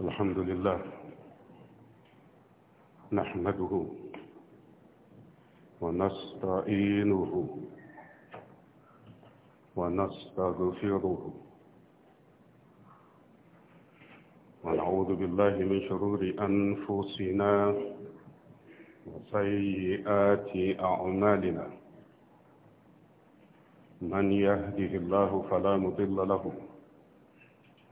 الحمد لله نحمده ونستعينه ونستغفره ونعوذ بالله من شرور أنفسنا وسيئات أعمالنا من يهده الله فلا مضل له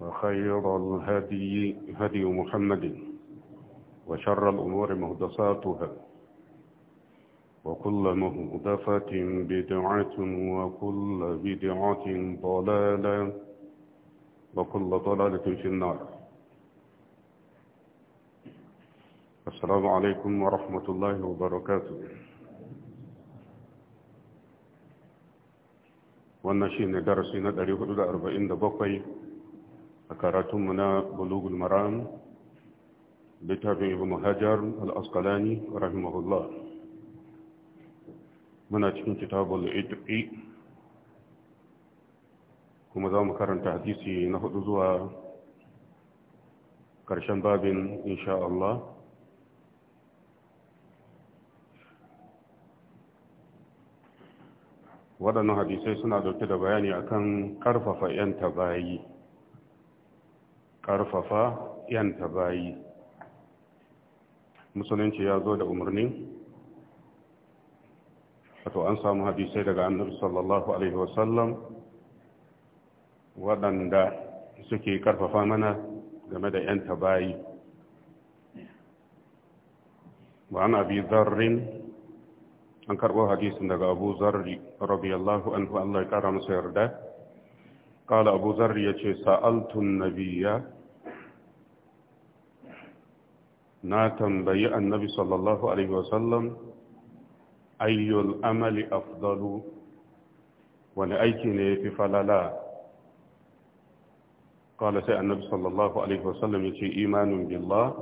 وخير الهدي هدي محمد وشر الأمور مهدساتها وكل مهدفة بدعة وكل بدعة ضلالة وكل ضلالة في النار السلام عليكم ورحمة الله وبركاته wannan shi ne darasi na 447 a karatunmu na bulugul maram littafin ibn hajar al-asqalani rahimahullah muna cikin kitabul itqi kuma za mu karanta hadisi na hudu zuwa ƙarshen babin insha Allah waɗannan hadisai suna dauke da bayani akan karfafa 'yan bayi ƙarfafa yanta bayi musulunci ya zo da umarni wato an samu hadisai daga annabi sallallahu alaihi wasallam waɗanda suke ƙarfafa mana game da yanta bayi wa an abi zarrin an karɓo hadisin daga abu zarri rabiyallahu anhu Allah ya ƙara masa yarda قال abu ذر ya ce sa'altun nabiya na tambayi annabi sallallahu alaihi wasallam ayyul amali afdalu wani aiki ne ya fi falala kawai sai annabi sallallahu alaihi wasallam ya ce imanin billah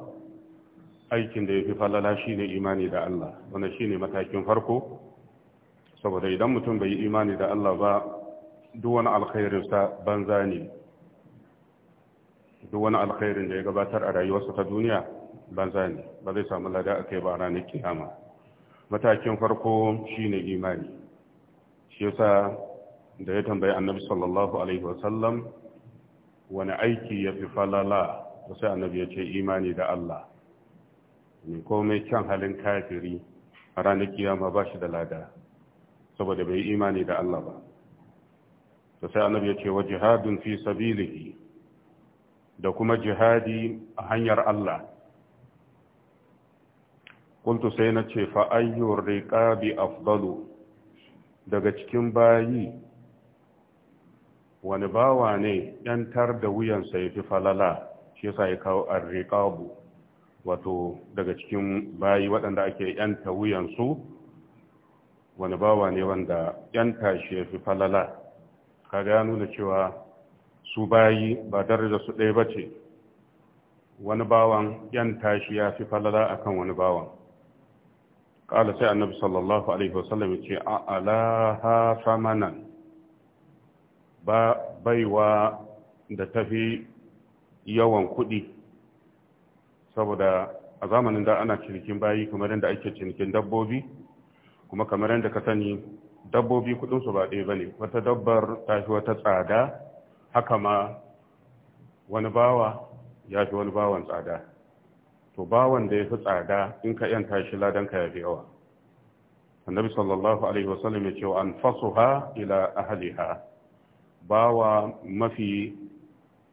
aikin da ya fi falala shine imani da Allah wani shine matakin farko saboda idan mutum bai yi imani da Allah ba duk wani alkhairinsa banza ne duk wani alkhairin da ya gabatar a rayuwarsa ta duniya banza ne ba zai samu lada a kai ba a ranar kiyama matakin farko shine imani shi yasa da ya tambayi annabi sallallahu alaihi wasallam wani aiki ya fi falala sai annabi ya ce imani da Allah ne komai kyan halin kafiri a ranar kiyama ba shi da lada saboda bai imani da Allah ba to sai annabi ya ce wa jihadun fi sabilihi da kuma jihadi a hanyar Allah kuntu sai na ce fa ayyur riqabi afdalu daga cikin bayi wani bawa ne yantar da wuyansa ya fi falala shi yasa ya kawo arriqabu wato daga cikin bayi waɗanda ake yanta wuyansu wani bawa ne wanda yanta shi ya fi falala Ka ga nuna cewa su bayi ba daraja su ɗaya ba ce wani bawan 'yan tashi ya fi falala akan wani bawan ƙala sai annabi sallallahu alaihi wasallam ya ce alaha samanan ba baiwa da tafi yawan kuɗi saboda a zamanin da ana cinikin bayi kamar yadda ake cinikin dabbobi kuma kamar yadda ka sani dabbobi kuɗinsu ba ɗaya ba ne wata dabbar ta fi wata tsada haka ma wani bawa ya fi wani bawan tsada to bawan da ya fi tsada in ka yan tashi ladan ka yafi yawa annabi sallallahu alaihi wasallam ya ce wa anfasuha ila ahliha bawa mafi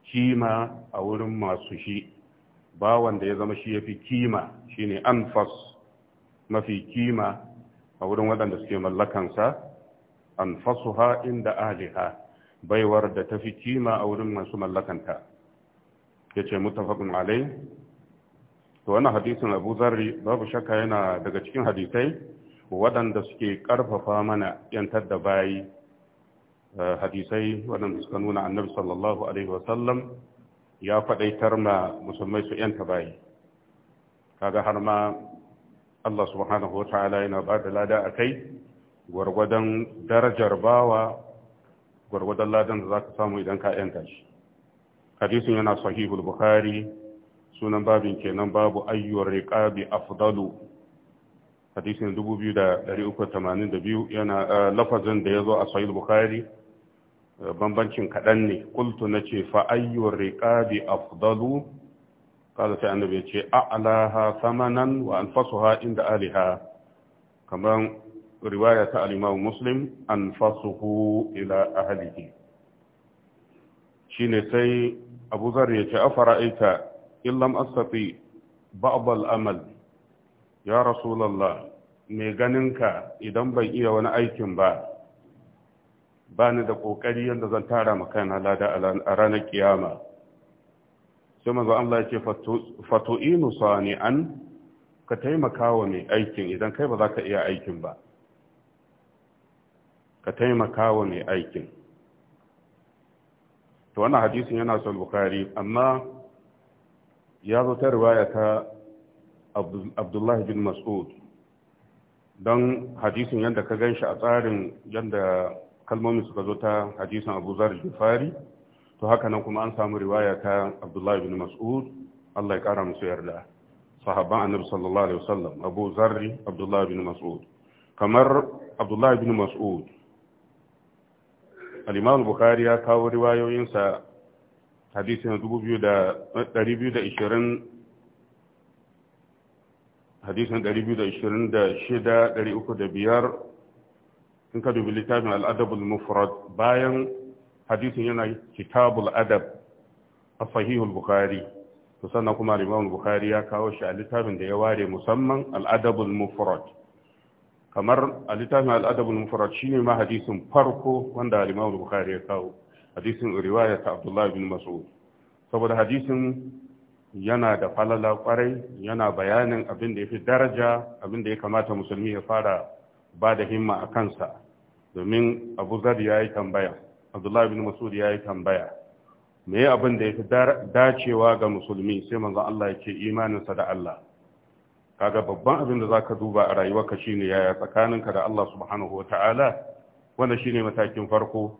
kima a wurin masu shi bawan da ya zama shi yafi kima shine anfas mafi kima a wurin waɗanda suke mallakansa anfasuha inda ahliha baiwar da tafi kima a wurin masu mallakanta yace muttafaqun alai wannan hadisin abu zarri babu shakka yana daga cikin hadisai waɗanda suke ƙarfafa mana yantar da bayi eh, hadisai waɗanda suka nuna annabi sallallahu alaihi wasallam ya faɗaitar ma musulmai su yanta bayi kaga har ma Allah subhanahu wa ta'ala yana ba da lada a kai gwargwadon darajar bawa gwargwadon ladan da za ka samu idan ka yanta shi hadisin yana sahihul bukhari sunan babin kenan babu ayyuwar riqabi afdalu hadisin 2382 yana lafazin da ya zo a sahih bukhari bambancin kaɗan ne qultu nace fa ayyuwar riqabi afdalu kada sai annabi ya ce a'laha samanan wa anfasuha inda aliha Kamar riwaya ta al-imam muslim anfasuhu ila ahlihi shine sai abu zar ya ce afara illam astati ba'd amal ya rasulullah mai ganinka idan ban iya wani aikin ba ba ni da ƙoƙari yadda zan tara ma kaina lada a ranar kiyama sai manzo Allah ya ce fatu'inu sani'an ka taimaka wa mai aikin idan kai ba za ka iya aikin ba ka taimaka wa mai aikin to wannan hadisin yana son bukari amma ya zo ta riwaya ta abdullahi bin mas'ud don hadisin yadda ka gan shi a tsarin yadda kalmomin suka zo ta hadisin abu zar jifari to haka nan kuma an samu riwaya ta abdullahi bin mas'ud allah ya kara musu yarda sahabban annabi sallallahu alaihi wasallam abu zarri abdullahi bin mas'ud kamar abdullahi bin mas'ud al-imam bukhari ya kawo riwayoyinsa hadisi na 2,220 hadisi na ka dubi littafin al'adabul mufrad bayan hadisin yana kitabul adab a sahihul bukari to sannan kuma limamul bukari ya kawo shi a littafin da ya ware musamman al'adabul mufrad kamar a littafin al'adabul mufrad shine ma hadisin farko wanda limamul bukari ya kawo hadisin riwaya ta Abdullah bin Mas'ud saboda hadisin yana da falala kwarai yana bayanin abin da ya fi daraja abin da ya kamata musulmi ya fara ba da himma a kansa domin abu zar ya yi tambaya abdullahi bin masud ya yi tambaya me abin da ya fi dacewa ga musulmi sai manzon Allah ya ce imaninsa da Allah kaga babban abin da zaka duba a rayuwarka shine yaya tsakaninka da Allah subhanahu wataala wanda shine matakin farko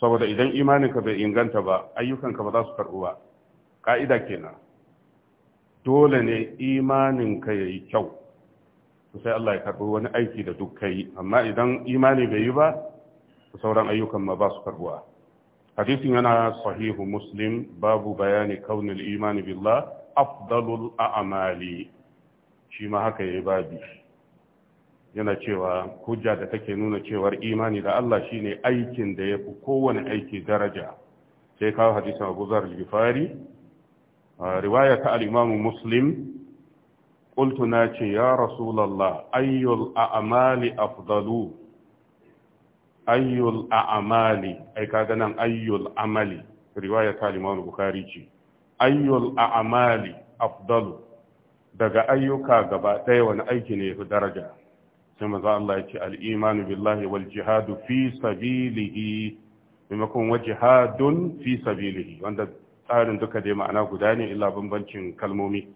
saboda idan imaninka bai inganta ba ayyukanka ba za su karɓu ba ka'ida kenan dole ne imaninka ya yi kyau sai Allah ya karɓi wani aiki da duk kai amma idan imani bai yi ba sauran ayyukan ma ba su karɓuwa hadisin yana sahihu muslim babu bayani kaunil imani billah afdalul a'mali shi ma haka yayi babi yana cewa hujja da take nuna cewar imani da Allah shine aikin da ya fi kowane aiki daraja sai kawo hadisin Abu Zar jifari ghifari riwaya ta al-Imam Muslim a ناتي ayyul رسول الله أي الأعمال أفضل أي الأعمال أي كادنا أي الأعمال رواية الإمام البخاري أي الأعمال أفضل daga ayyuka gaba ɗaya wani aiki ne ya fi daraja sai manzo Allah ya ce al-imanu billahi wal jihadu fi sabilihi maimakon wa jihadun fi sabilihi wanda tsarin duka dai ma'ana guda ne illa bambancin kalmomi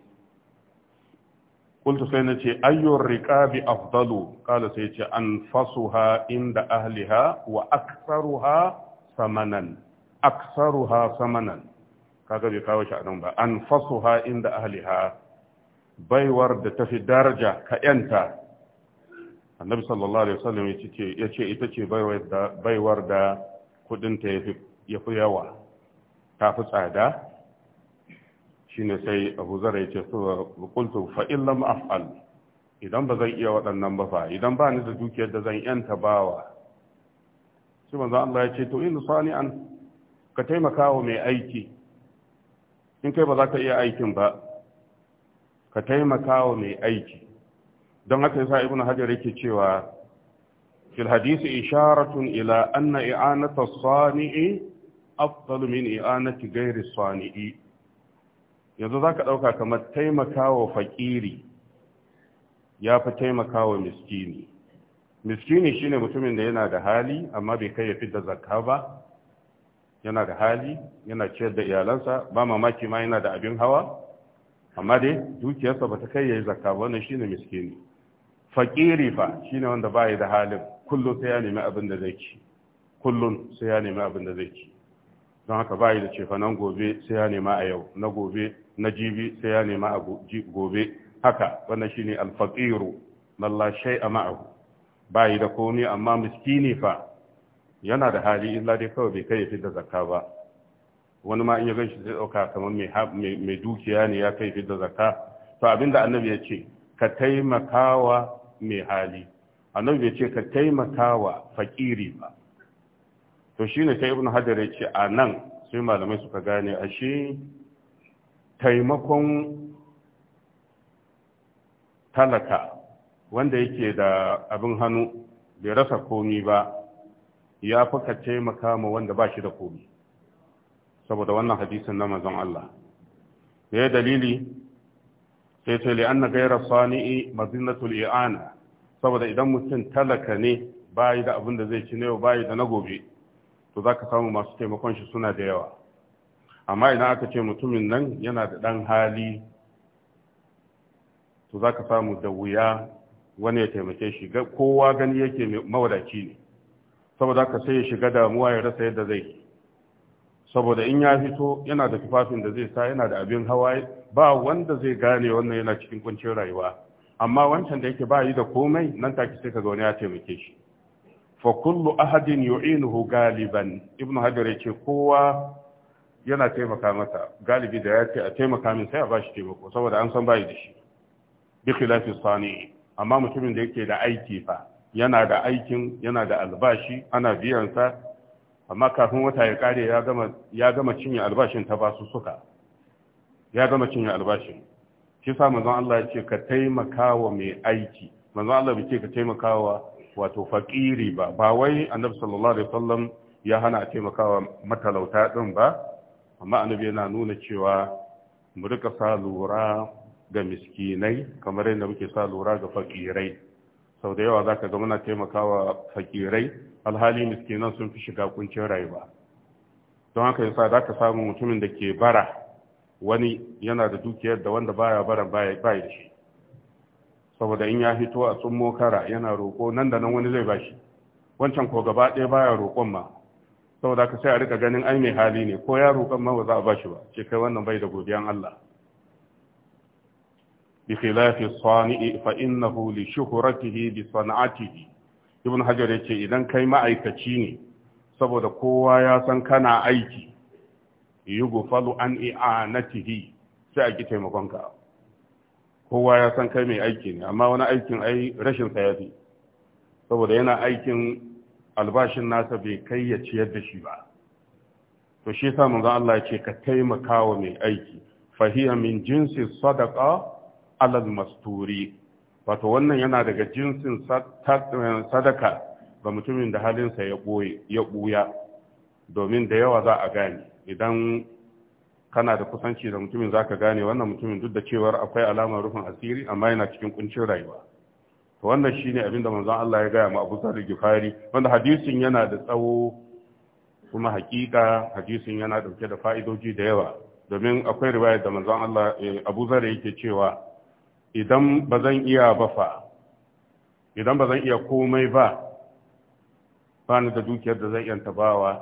قلت سينتي أي الركاب أفضل قال ha أنفسها عند أهلها وأكثرها ثمنا أكثرها ثمنا kaga bai kawo shi a nan ba an fasuha inda Aliha baiwar da tafi daraja ka yanta annabi sallallahu alaihi wasallam ya ce ita ce baiwar da kudinta ya fi yawa ta fi tsada Shi ne sai abu zara ya ce su kultu fa illam af'al idan ba zan iya waɗannan ba fa idan ba ni da dukiyar da zan yanta bawa shi manzon Allah ya ce to in an ka taimaka wa mai aiki in kai ba za ka iya aikin ba ka taimaka wa mai aiki don haka yasa ibnu hajar yake cewa fil hadisi isharatun ila anna i'anata sani'i afdalu min i'anati ghairi sani'i yanzu zaka dauka kamar taimakawa fakiri ya fi taimakawa miskini miskini shine mutumin da yana da hali amma bai kai ya fitar zakka ba yana da hali yana ciyar da iyalansa ba mamaki ma yana da abin hawa amma dai dukiyarsa ba ta kai ya yi zakka ba wannan shine miskini fakiri fa shi ne wanda bai da halin kullum sai ya nemi abin da zai ci kullum sai ya nemi abin da zai ci don haka bai da cefa nan gobe sai ya nema a yau na gobe na jibi sai ya nema a gobe haka shi ne alfaqiru mallashai a ma'ahu yi da komai amma miskini fa yana da hali illa dai kawai bai kai ya da zakka ba wani ma in ya ganshi zai dauka kamar mai dukiya ne ya kai da zakka to abinda annabi ya ce ka taimakawa mai hali annabi ya ce ka taimaka wa fakiri ba to shine kai ibnu hajar ya ce a nan sai malamai suka gane ashe taimakon talaka wanda yake da abin hannu bai rasa komi ba ya fi ka taimaka ma wanda ba shi da komi saboda wannan hadisin na mazan Allah ya yi dalili sai ce li anna gaira sani'i mazinatul i'ana saboda idan mutum talaka ne bayi da abin da zai ci na yau bayi da na gobe to zaka samu masu taimakon shi suna da yawa amma idan aka ce mutumin nan yana da dan hali to zaka samu da wuya wani ya taimake shi kowa gani yake mawadaci ne saboda haka sai ya shiga damuwa ya rasa yadda zai yi saboda in ya fito yana da tufafin da zai sa yana da abin hawa ba wanda zai gane wannan yana cikin kuncin rayuwa amma wancan da yake ba yi da komai nan take sai ga wani ya taimake shi fa kullu ahadin yu'inuhu galiban ibn hajar yace kowa yana taimaka masa galibi da ya ce a taimaka min sai a bashi taimako saboda an san bayi da shi bi khilafi sani amma mutumin da yake da aiki fa yana da aikin yana da albashi ana biyan sa amma kafin wata ya kare ya gama cinye albashin ta basu suka ya gama cinye albashin shi sa manzon Allah ya ce ka taimaka mai aiki manzon Allah bai ce ka taimaka wato fakiri ba ba wai annabi sallallahu alaihi wasallam ya hana a taimaka matalauta din ba amma annabi yana nuna cewa mu rika sa lura ga miskinai kamar yadda muke sa lura ga fakirai sau da yawa zaka ga muna taimakawa fakirai alhali miskinan sun fi shiga kuncin rayuwa don haka yasa za ka samu mutumin da ke bara wani yana da dukiyar da wanda baya bara baya da shi saboda in ya hito a tsummo kara yana roƙo nan da nan wani zai bashi wancan ko gaba ɗaya baya roƙon ma saboda ka sai a rika ganin ai mai hali ne ko ya roƙon ma ba za a bashi ba ce kai wannan bai da godiyan Allah bi khilafi sani'i fa innahu li shuhratihi bi sana'atihi ibn hajar ya ce idan kai ma'aikaci ne saboda kowa ya san kana aiki yi gufalu an i'anatihi sai a ki taimakonka kowa ya san kai mai aiki ne amma wani aikin ai rashin sa saboda yana aikin albashin nasa bai kai ya ciyar da shi ba to shi yasa manzo Allah ya ce ka taimaka wa mai aiki fahiya min jinsi sadaqa alal masturi wato wannan yana daga jinsin sadaka ga mutumin da halinsa ya ɓuya domin da yawa za a gane idan kana da kusanci da mutumin za ka gane wannan mutumin duk da cewar akwai alamar rufin asiri amma yana cikin kuncin rayuwa to wannan shine abin da manzon Allah ya gaya ma Abu Zar Gifari wanda hadisin yana da tsawo kuma hakika hadisin yana dauke da fa'idoji da yawa domin akwai riwaya da manzon Allah eh, Abu Zar yake cewa idan ba zan iya ba fa idan ba zan iya komai ba ba ni da dukiyar da zan iya tabawa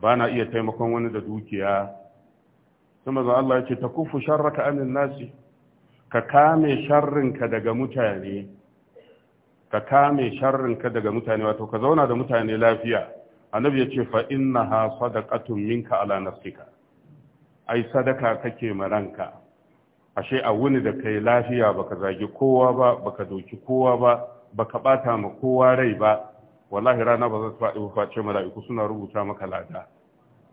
ba na iya taimakon wani da dukiya sun mazan Allah ya ce ta kufu sharraka amin nasi ka kame sharrinka daga mutane ka kame sharrinka daga mutane wato ka zauna da mutane lafiya annabi ya ce fa inna sadaqatun minka ala nafsika ai sadaka kake ma ranka ashe a wuni da kai lafiya baka zagi kowa ba baka doki kowa ba baka bata ma kowa rai ba wallahi rana ba za ta faɗi ba face mala'iku suna rubuta maka lada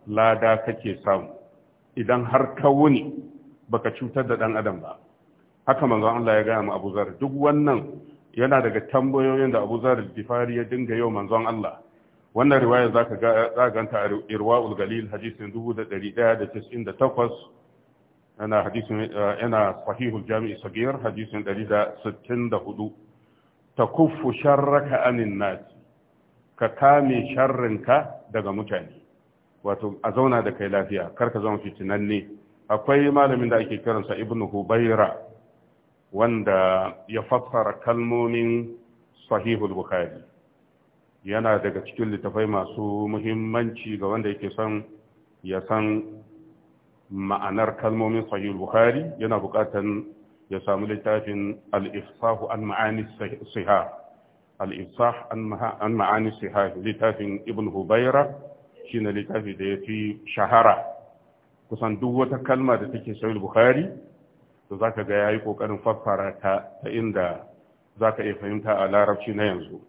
lada kake samu idan har ka wuni baka cutar da dan adam ba haka manzo Allah ya gaya ma Abu Zar duk wannan yana daga tambayoyin da Abu Zar al ya dinga yau manzon Allah wannan riwaya zaka ga zaganta a Irwaul Galil hadisin 1198 yana hadisin yana sahihul jami'i sagir hadisin 164 takuffu sharraka anin nas ka kame sharrinka daga mutane wato a zauna da kai lafiya kar ka zama fitinanne akwai malamin da ake kiransa ibnu hubaira wanda ya fassara kalmomin sahihul bukhari yana daga cikin littafai masu muhimmanci ga wanda yake son ya san ma'anar kalmomin sahih bukhari yana buƙatan ya samu littafin al-ifsahu an ma'ani sihah al-ifsah an ma'ani sihah littafin ibn hubaira shine littafi da yafi shahara kusan duk wata kalma da take sahih bukhari to zaka ga yayi kokarin fassara ta ta inda zaka iya fahimta a larabci na yanzu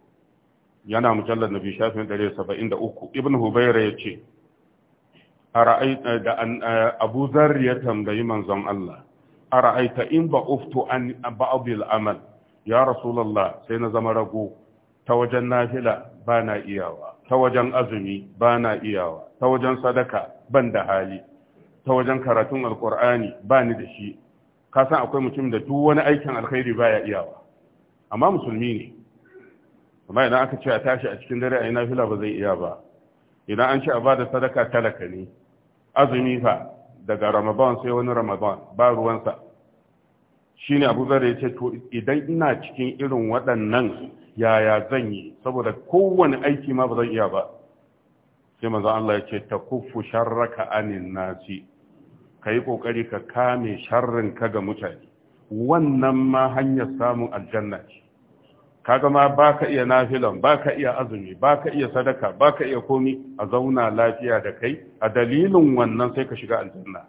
yana mujallar nabi shafin 173 ibn hubaira yace da abu zar ya tambayi manzon Allah a ra'aita in ba uftu an ba'abil amal ya rasulallah sai na zama rago ta wajen nafila ba na iyawa ta wajen azumi ba na iyawa ta wajen sadaka ban da hali ta wajen karatun alkur'ani ba ni da shi ka san akwai mutum da duk wani aikin alkhairi baya iyawa amma musulmi ne amma idan aka ce a tashi a cikin dare a yi nafila ba zai iya ba idan an ce a ba da sadaka talaka ne azumi fa daga ramadan sai wani ramadan ba ruwansa shi ne abu ya to idan ina cikin irin waɗannan yaya zan yi saboda kowane aiki ma ba zan iya ba sai maza Allah ya ce ta kuffu sharraka anin nasi ka yi ƙoƙari ka kame sharrin ka ga mutane wannan ma hanyar samun aljanna ce Ka kaga ma ka iya nafilan ka iya azumi ba ka iya sadaka ba ka iya komi a zauna lafiya da kai a dalilin wannan sai ka shiga aljanna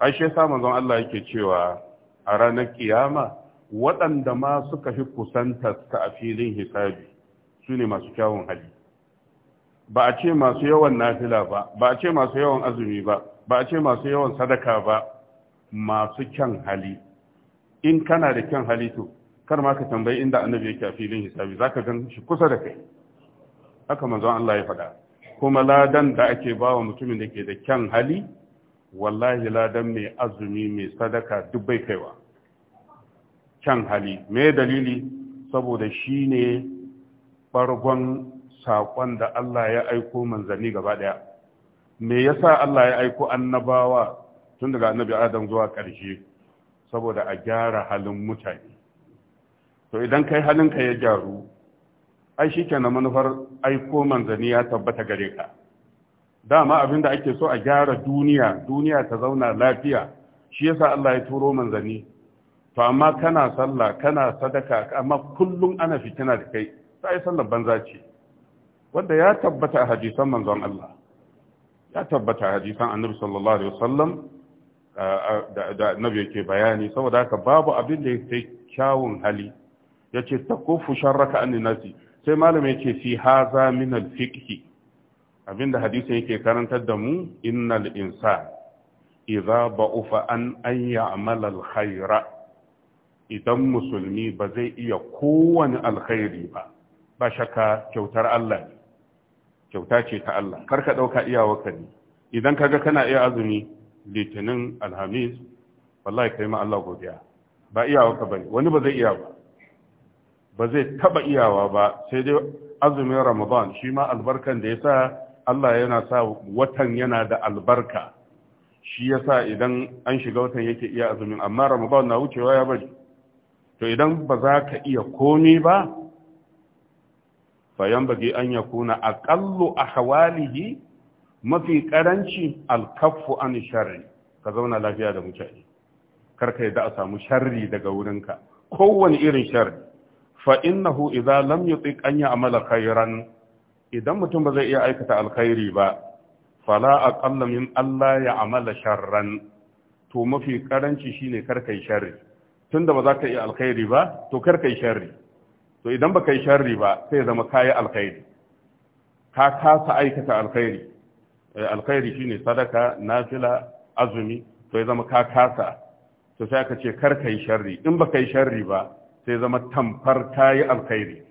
ai shi yasa manzon Allah yake cewa a ranar kiyama waɗanda ma suka fi kusanta ta a filin hisabi sune masu kyawun hali ba a ce masu yawan nafila ba ba a ce masu yawan azumi ba ba a ce masu yawan sadaka ba masu kyan hali in kana da kyan hali to kar ma ka tambayi inda annabi yake a filin hisabi zaka gan shi kusa da kai haka manzon Allah ya faɗa kuma ladan da ake bawa mutumin da ke da kyan hali wallahi ladan mai azumi mai sadaka duk bai kaiwa kyan hali me dalili saboda shi ne bargon sakon da Allah ya aiko manzanni gaba ɗaya me yasa Allah ya aiko annabawa tun daga annabi Adam zuwa ƙarshe saboda a gyara halin mutane to idan kai halinka ya gyaru ai na manufar aiko manzanni ya tabbata gare ka dama abin da ake so a gyara duniya duniya ta zauna lafiya shi yasa Allah ya turo manzanni to amma kana sallah kana sadaka amma kullum ana fitina da kai sai sallar banza ce wanda ya tabbata a hadisan manzon Allah ya tabbata a hadisan annabi sallallahu alaihi wasallam eh, da annabi yake bayani saboda haka babu abin da yake kyawun hali Ya yace takufu sharraka an nasi sai malama ya fi haza min al abinda hadisin yake karantar da mu innal insan idza ba'ufa an an ya'mal al khaira idan musulmi ba zai iya kowane alkhairi ba ba shakka kyautar Allah ne kyauta ce ta Allah kar ka dauka iyawarka ne idan kaga kana iya azumi litinin alhamis wallahi kai ma Allah godiya ba iyawarka bane wani ba zai iya ba ba zai taba iyawa ba sai dai azumin ramadan shi ma albarkan da ya sa Allah yana sa watan yana da albarka shi ya sa idan an shiga watan yake iya azumin amma ramadan na wucewa ya bari to idan ba za ka iya komi ba bayan bage an ya kuna aƙallu a hawalihi mafi ƙaranci alkafu an shari ka zauna lafiya da mutane karka yadda a samu sharri daga wurinka kowane irin sharri fa innahu idza lam yutiq an ya'mala khairan idan mutum ba zai iya aikata alkhairi ba fala aqalla min Allah ya amala sharran to mafi karanci shine kar kai sharri tunda ba za ka iya alkhairi ba to kar kai sharri to idan ba kai sharri ba sai zama kayi alkhairi ka kasa aikata alkhairi eh, alkhairi shine sadaka nafila azumi to ya zama ka kasa to sai aka ce kar kai sharri in ba yi sharri ba sai zama tamfar kayi alkhairi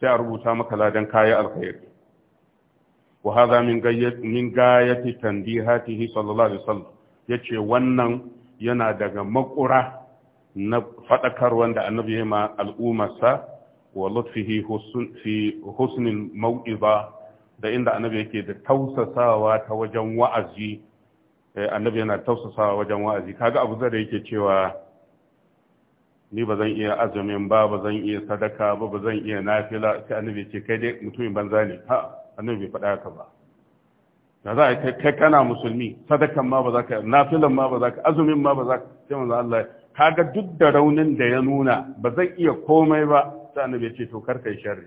sai a rubuta maka ladan kayi alkhairi wa hadha min gayati tanbihatihi sallallahu alaihi wasallam yace wannan yana daga makura na fadakar wanda annabi ya ma al'ummarsa wa lutfihi husn fi husnil mau'iza da inda annabi yake da tausasawa ta wajen wa'azi eh, annabi yana tausasawa wajen wa'azi kaga abu da yake cewa ni ba zan iya azumin ba ba zan iya sadaka ba ba zan iya nafila sai annabi ce kai dai mutumin banza ne ha annabi bai faɗa haka ba da za a kai kana musulmi sadakan ma ba za ka nafilan ma ba za ka azumin ma ba za ka sai manzo Allah kaga duk da raunin da ya nuna ba zan iya komai ba sai annabi ce to kar kai sharri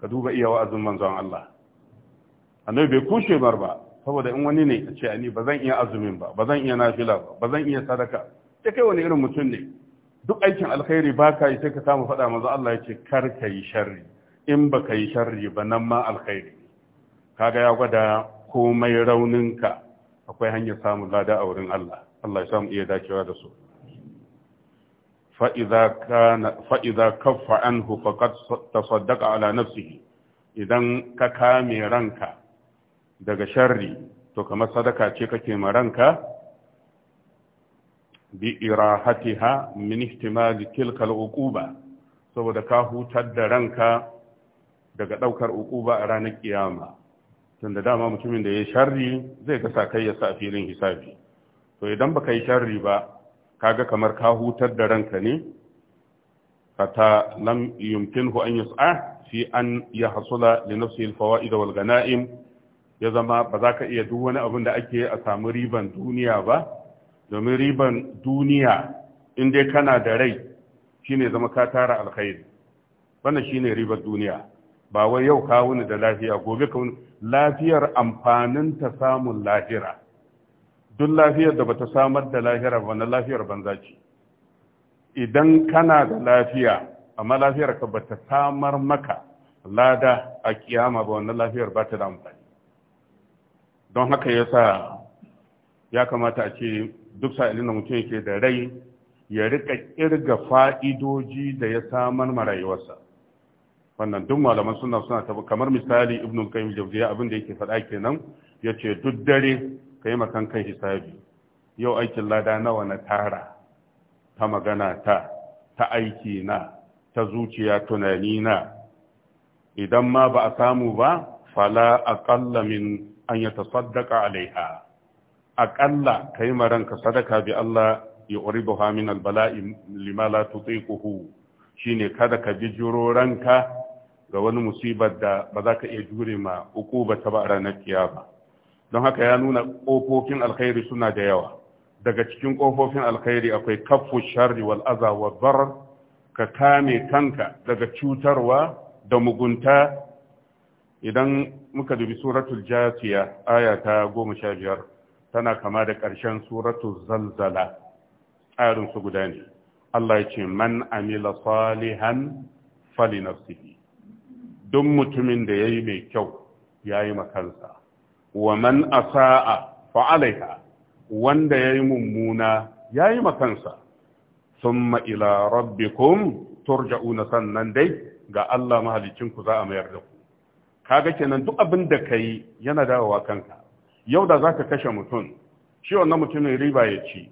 ka duba iya wa'azin manzon Allah annabi bai kushe bar ba saboda in wani ne ya ce ni ba zan iya azumin ba ba zan iya nafila ba ba zan iya sadaka sai kai wani irin mutum ne duk aikin alkhairi ba ka yi sai ka samu faɗa maza Allah ya ce kar ka yi sharri in ba ka yi sharri ba nan ma alkhairi Ka ga ya gwada komai rauninka akwai hanyar samun lada a wurin Allah Allah ya samu iya dacewa da su fa'iza kaffa an hufakat ta saddaka ala nafsihi idan ka kame ranka daga sharri to kamar sadaka ce kake ma ranka bi min ihtimali tilka al'uquba saboda ka hutar da ranka daga daukar uquba a ranar kiyama tunda dama mutumin da ya sharri zai ga sakayyarsa a filin hisabi to idan baka yi sharri ba kaga kamar ka hutar da ranka ne fata lam yumkinhu an yus'a fi an yahsula li nafsihi al-fawaid wal ganaim ya zama ba za ka iya duk wani abin da ake a samu riban duniya ba domin riban duniya in dai kana da rai shine zama ka tara alkhairi wannan shine ribar duniya ba wai yau ka wuni da lafiya gobe ka wuni lafiyar amfanin ta samun lahira duk lafiyar da bata samar da lahira ba na lafiyar banza ce idan kana da lafiya amma lafiyar ka bata samar maka lada a kiyama ba wannan lafiyar ba ta da amfani don haka yasa ya kamata a ce duk sa'ilin da mutum yake da rai ya rika kirga fa'idoji da ya samar ma rayuwarsa wannan duk malaman suna suna tabi kamar misali ibnu qayyim jawziya abin da yake faɗa kenan ya ce duk dare ka kai makan kai hisabi yau aikin lada nawa na tara ta magana ta ta aiki na ta zuciya tunani na idan ma ba a samu ba fala aqalla min an yatasaddaqa alaiha aƙalla ka yi maranka sadaka bi Allah ya uribuha min albala'i lima la tutiquhu shine kada ka bijiro ranka ga wani musibar da ba za ka iya jure ma ba ta ba ranar ba don haka ya nuna ƙofofin alkhairi suna da yawa daga cikin kofofin alkhairi akwai kaffu sharri wal aza wa ka kame kanka daga cutarwa da mugunta idan muka dubi suratul jasiya aya ta goma sha biyar tana kama da ƙarshen suratu zalzala tsarin su guda ne Allah ya ce man amila salihan fali nafsihi duk mutumin da yayi mai kyau yayi makansa wa man asaa fa alaiha wanda yayi mummuna yayi makansa thumma ila rabbikum turja'una sannan dai ga Allah mahalicin ku za a mayar da ku kaga kenan duk abin da kai yana dawowa kanka yau da zaka kashe mutum shi wannan mutumin riba ya ci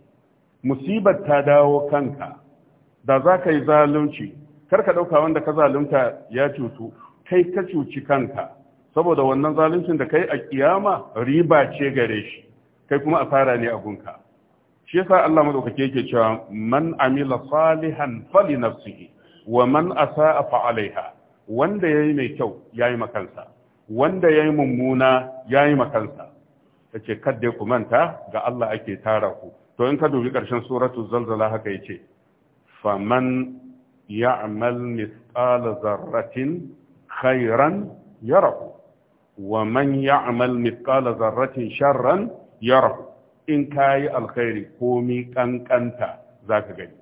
musibar ta dawo kanka da za ka yi zalunci kar ka ɗauka wanda ka zalunta ya cutu kai ka cuci kanka saboda wannan zaluncin da kai a kiyama riba ce gare shi kai kuma a fara ne a gunka shi yasa Allah madaukake yake cewa man amila salihan fali nafsihi wa man asaa fa alaiha wanda yayi mai kyau yayi makansa wanda yayi mummuna yayi makansa yace kadda ku manta ga Allah ake tara ku to in ka dubi karshen suratul zalzala haka yace faman ya'mal mithqala zarratin khairan yarahu wa man ya'mal mithqala zarratin sharran yarahu in kayi alkhairi komi kankanta zaka gani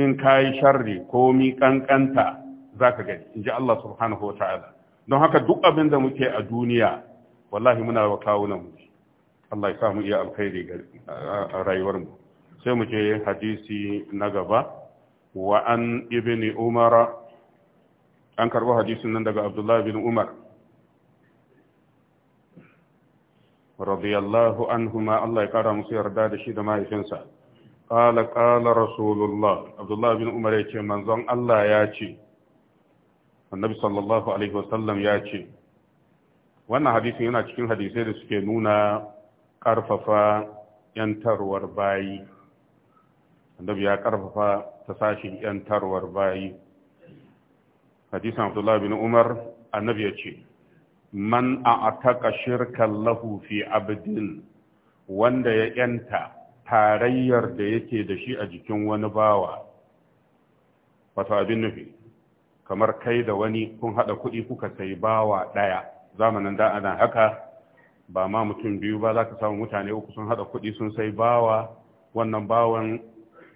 in kayi sharri komi kankanta zaka gani inji Allah subhanahu wataala don haka duk abin da muke a duniya wallahi muna wa kawunan mu Allah ya samu iya alkhairi a rayuwarmu sai mu je hadisi na gaba wa an ibni umar an karbo hadisin nan daga abdullahi bin umar radiyallahu anhuma Allah ya kara musu yarda da shi da mahaifinsa qala qala rasulullah abdullahi bin umar yace manzon Allah ya ce sallallahu alaihi wasallam ya ce wannan hadisin yana cikin hadisai da suke nuna ƙarfafa ‘yantarwar bayi annabi ya ƙarfafa ta sashi ‘yantarwar bayi hadisan abdullahi bin umar annabi ya ce man a ataka shirkan lahu fi abdin wanda ya ‘yanta tarayyar da yake da shi a jikin wani bawa wato abin nufi kamar kai da wani kun haɗa kuɗi kuka sai bawa ɗaya zamanin da ana haka ba ma mutum biyu ba za ka samu mutane uku sun haɗa kuɗi sun sai bawa wannan bawan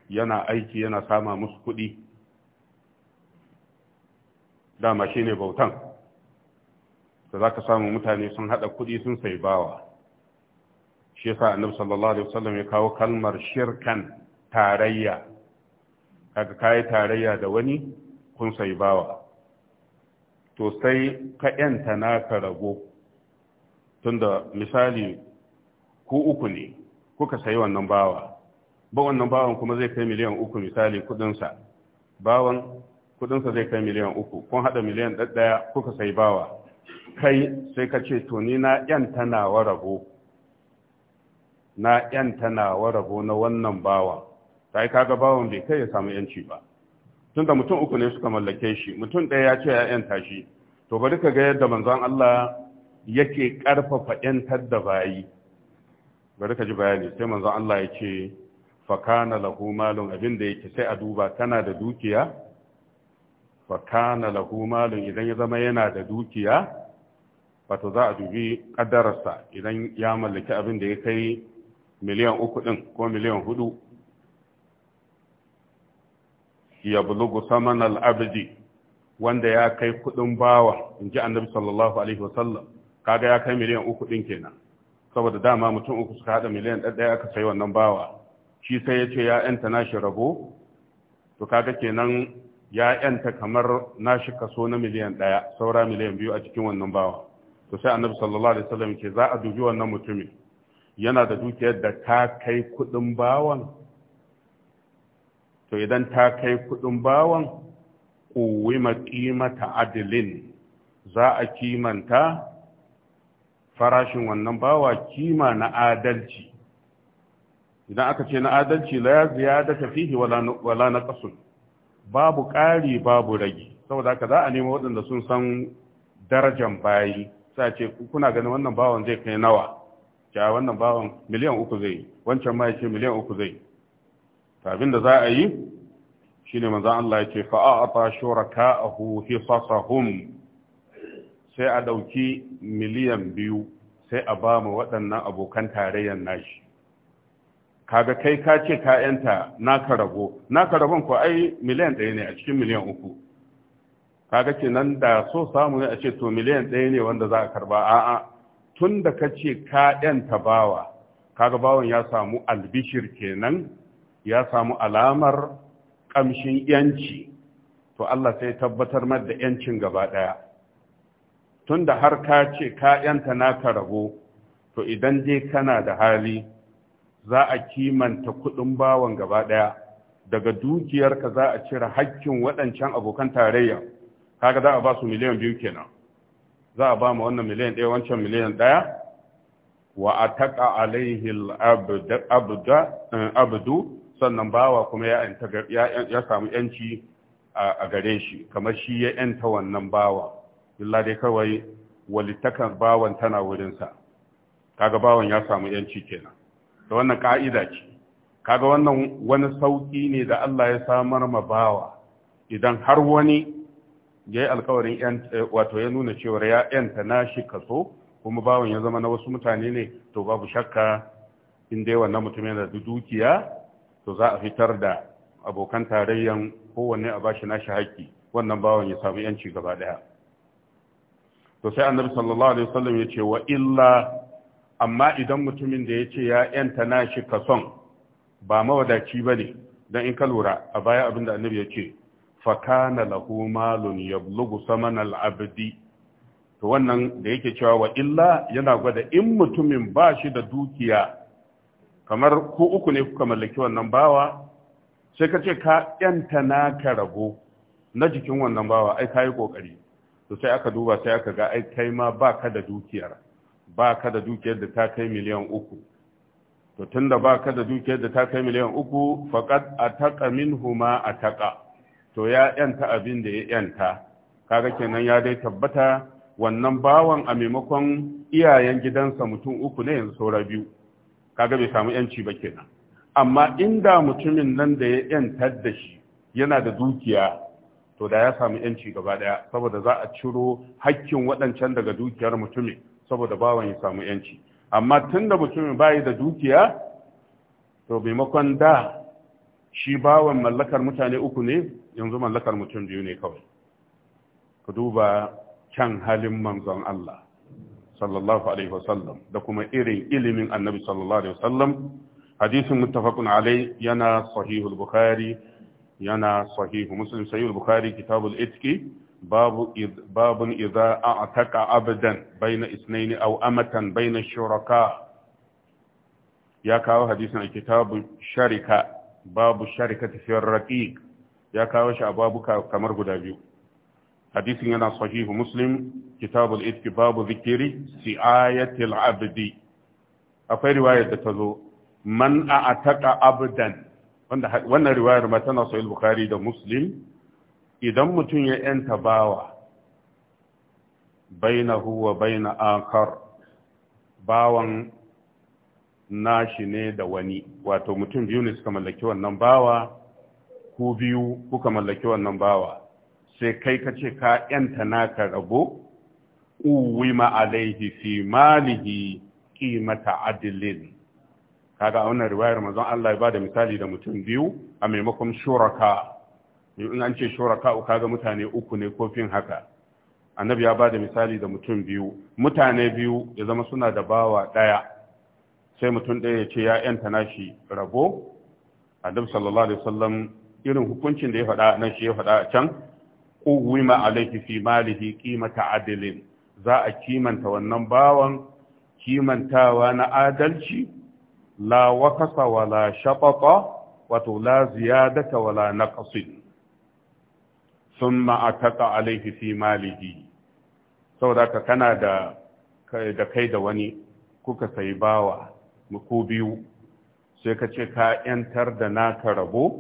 yana aiki yana sama musu kuɗi dama shi ne bautan da za ka samu mutane sun haɗa kuɗi sun sai bawa shi yasa annabi sallallahu alaihi wasallam ya kawo kalmar shirkan tarayya kaga kai tarayya da wani kun sai bawa to sai ka yanta naka rago tunda misali ku uku ne kuka sayi wannan bawa ba wannan bawan kuma zai kai miliyan uku misali kudinsa bawan kudinsa zai kai miliyan uku kun hada miliyan ɗaya kuka sayi bawa kai sai ka ce to ni na yan nawa rabo na yan nawa rabo na wannan bawa sai kaga bawan bai kai ya samu yanci ba tunda mutum uku ne suka mallake shi mutum ɗaya ya ce ya yanta shi to bari ka ga yadda manzon Allah yake ƙarfafa ‘yantar da bayi bari ka ji bayani sai manzo Allah ya ce fakana lahu malun abin da yake sai a duba kana da dukiya fakana lahu malun idan ya zama yana da dukiya wato za a dubi ƙadararsa idan ya mallaki abin da ya kai miliyan uku ɗin ko miliyan hudu ya bulugu saman al'abdi wanda ya kai kuɗin bawa in ji annabi sallallahu alaihi wasallam kaga ya kai miliyan uku ɗin kenan saboda dama mutum uku suka haɗa miliyan ɗaya aka sai wannan bawa shi sai ya ce ya ‘yanta nashi rabo to kaga kenan ya ‘yanta kamar nashi kaso na miliyan ɗaya saura miliyan biyu a cikin wannan bawa to sai annabi sallallahu alaihi wasallam ce za a dubi wannan mutumin yana da dukiyar da ta kai kuɗin bawan to idan ta kai kuɗin bawan ƙuwi maƙimata adilin za a kimanta farashin wannan bawa kima na adalci idan aka ce na adalci la ziyada ta fihi wala na qasun babu ƙari babu rage saboda haka za a nemo waɗanda sun san darajan bayi sai ce kuna ganin wannan bawan zai kai nawa ja wannan bawan miliyan uku zai wancan ma ce miliyan uku zai tabin da za a yi shine manzan Allah ya ce fa a'ata shuraka'ahu hisasahum sai a ɗauki miliyan biyu sai a ba mu waɗannan abokan tarayyar nashi kaga kai ka ce ka'yanta na rabo na rabon ko ai miliyan ɗaya ne a cikin miliyan uku kaga nan da so samu ne a ce to miliyan ɗaya ne wanda za a karba a'a tun da ka ce ka'yanta bawa kaga bawan ya samu albishir kenan ya samu alamar ƙamshin yanci to Allah sai tabbatar mar da yancin gaba ɗaya tun da har ka ce ka'yanta naka rago to idan dai kana da hali za a kimanta kuɗin bawan gaba ɗaya daga dukiyarka za a cire hakkin waɗancan abokan tarayya kaga za a ba su miliyan biyu kenan za a ba ma wannan miliyan ɗaya wancan miliyan ɗaya wa a taƙa alaihil eh, abdu sannan bawa kuma ya samu yanci a gare shi kamar shi ya yanta wannan bawa illa dai kawai walittakan bawan tana wurinsa kaga bawan ya samu yanci kenan da wannan ka'ida ce kaga wannan wani sauki ne da Allah ya samar ma bawa idan har wani ya yi alkawarin eh, wato ya nuna cewa ya yanta nashi kaso kuma bawan ya zama na wasu mutane ne to babu shakka in dai wannan mutum yana da dukiya to za a fitar da abokan tarayyan kowanne a bashi nashi haƙƙi wannan bawan ya samu yanci gaba ɗaya to sai annabi sallallahu alaihi wasallam ya ce wa illa amma idan mutumin da ya ce ya yanta nashi son ba mawadaci ba ne don in ka lura a baya abin da annabi ya ce fakana lahu malun yablugu saman al'abdi to wannan da yake cewa wa illa yana gwada in mutumin ba shi da dukiya kamar ko uku ne kuka mallaki wannan bawa sai ka ce ka yanta ka rabo na jikin wannan bawa ai ka yi ƙoƙari to sai aka duba sai aka ga ai kai ma baka da dukiyar baka da dukiyar da ta kai miliyan uku to tunda baka da dukiyar da ta kai miliyan uku min huma a taka. to ya yanta abin da ya yanta kaga kenan ya dai tabbata wannan bawan a maimakon iyayen gidansa mutum uku ne yanzu saura biyu kaga bai samu yanci ba kenan amma inda mutumin nan da ya 'yanta da shi yana da dukiya to da ya samu yanci gaba daya saboda za a ciro hakkin waɗancan daga dukiyar mutumin saboda bawan ya samu yanci amma tun da mutumin bayi da dukiya to maimakon da shi bawan mallakar mutane uku ne yanzu mallakar mutum biyu ne kawai Ka duba kyan halin manzon Allah sallallahu alaihi wasallam da kuma irin ilimin annabi sallallahu alaihi wasallam hadisin muttafaqun alai yana sahihul bukhari yana sahihu muslim sayyid bukhari kitabul itqi babu babun idza a'taqa abdan baina isnaini aw amatan baina shuraka ya kawo hadisin a kitabu sharika babu sharikati fi raqiq ya kawo shi a babu kamar guda biyu hadisin yana sahihu muslim kitabul itqi babu zikiri si'ayatil abdi akwai riwaya da ta zo man a'taqa abadan. wannan riwayar ma tana sahih bukhari da muslim idan mutum ya yanta bawa bainahu wa baina akar bawan nashi ne da wani wato mutum biyu ne suka mallaki wannan bawa ku biyu kuka mallaki wannan bawa sai kai ka ce ka yanta naka rabo uwima alaihi fi malihi qimata adlin kaga a wannan riwayar manzon Allah ya bada misali da mutum biyu a maimakon shuraka in an ce shuraka kaga mutane uku ne ko fin haka annabi ya bada misali da mutum biyu mutane biyu ya zama suna da bawa daya sai mutum ɗaya ya ce ya yanta nashi rabo annabi sallallahu alaihi wasallam irin hukuncin da ya faɗa nan shi ya faɗa a can uwima alaihi fi malihi qimata adlin za a kimanta wannan bawan kimantawa na adalci la wakasa wala shafafa wato la ziyadata wala naqsin summa ataka alaihi fi malihi saboda ka kana da kai da wani kuka sayi bawa ku biyu sai ka ce ka yantar da naka rabo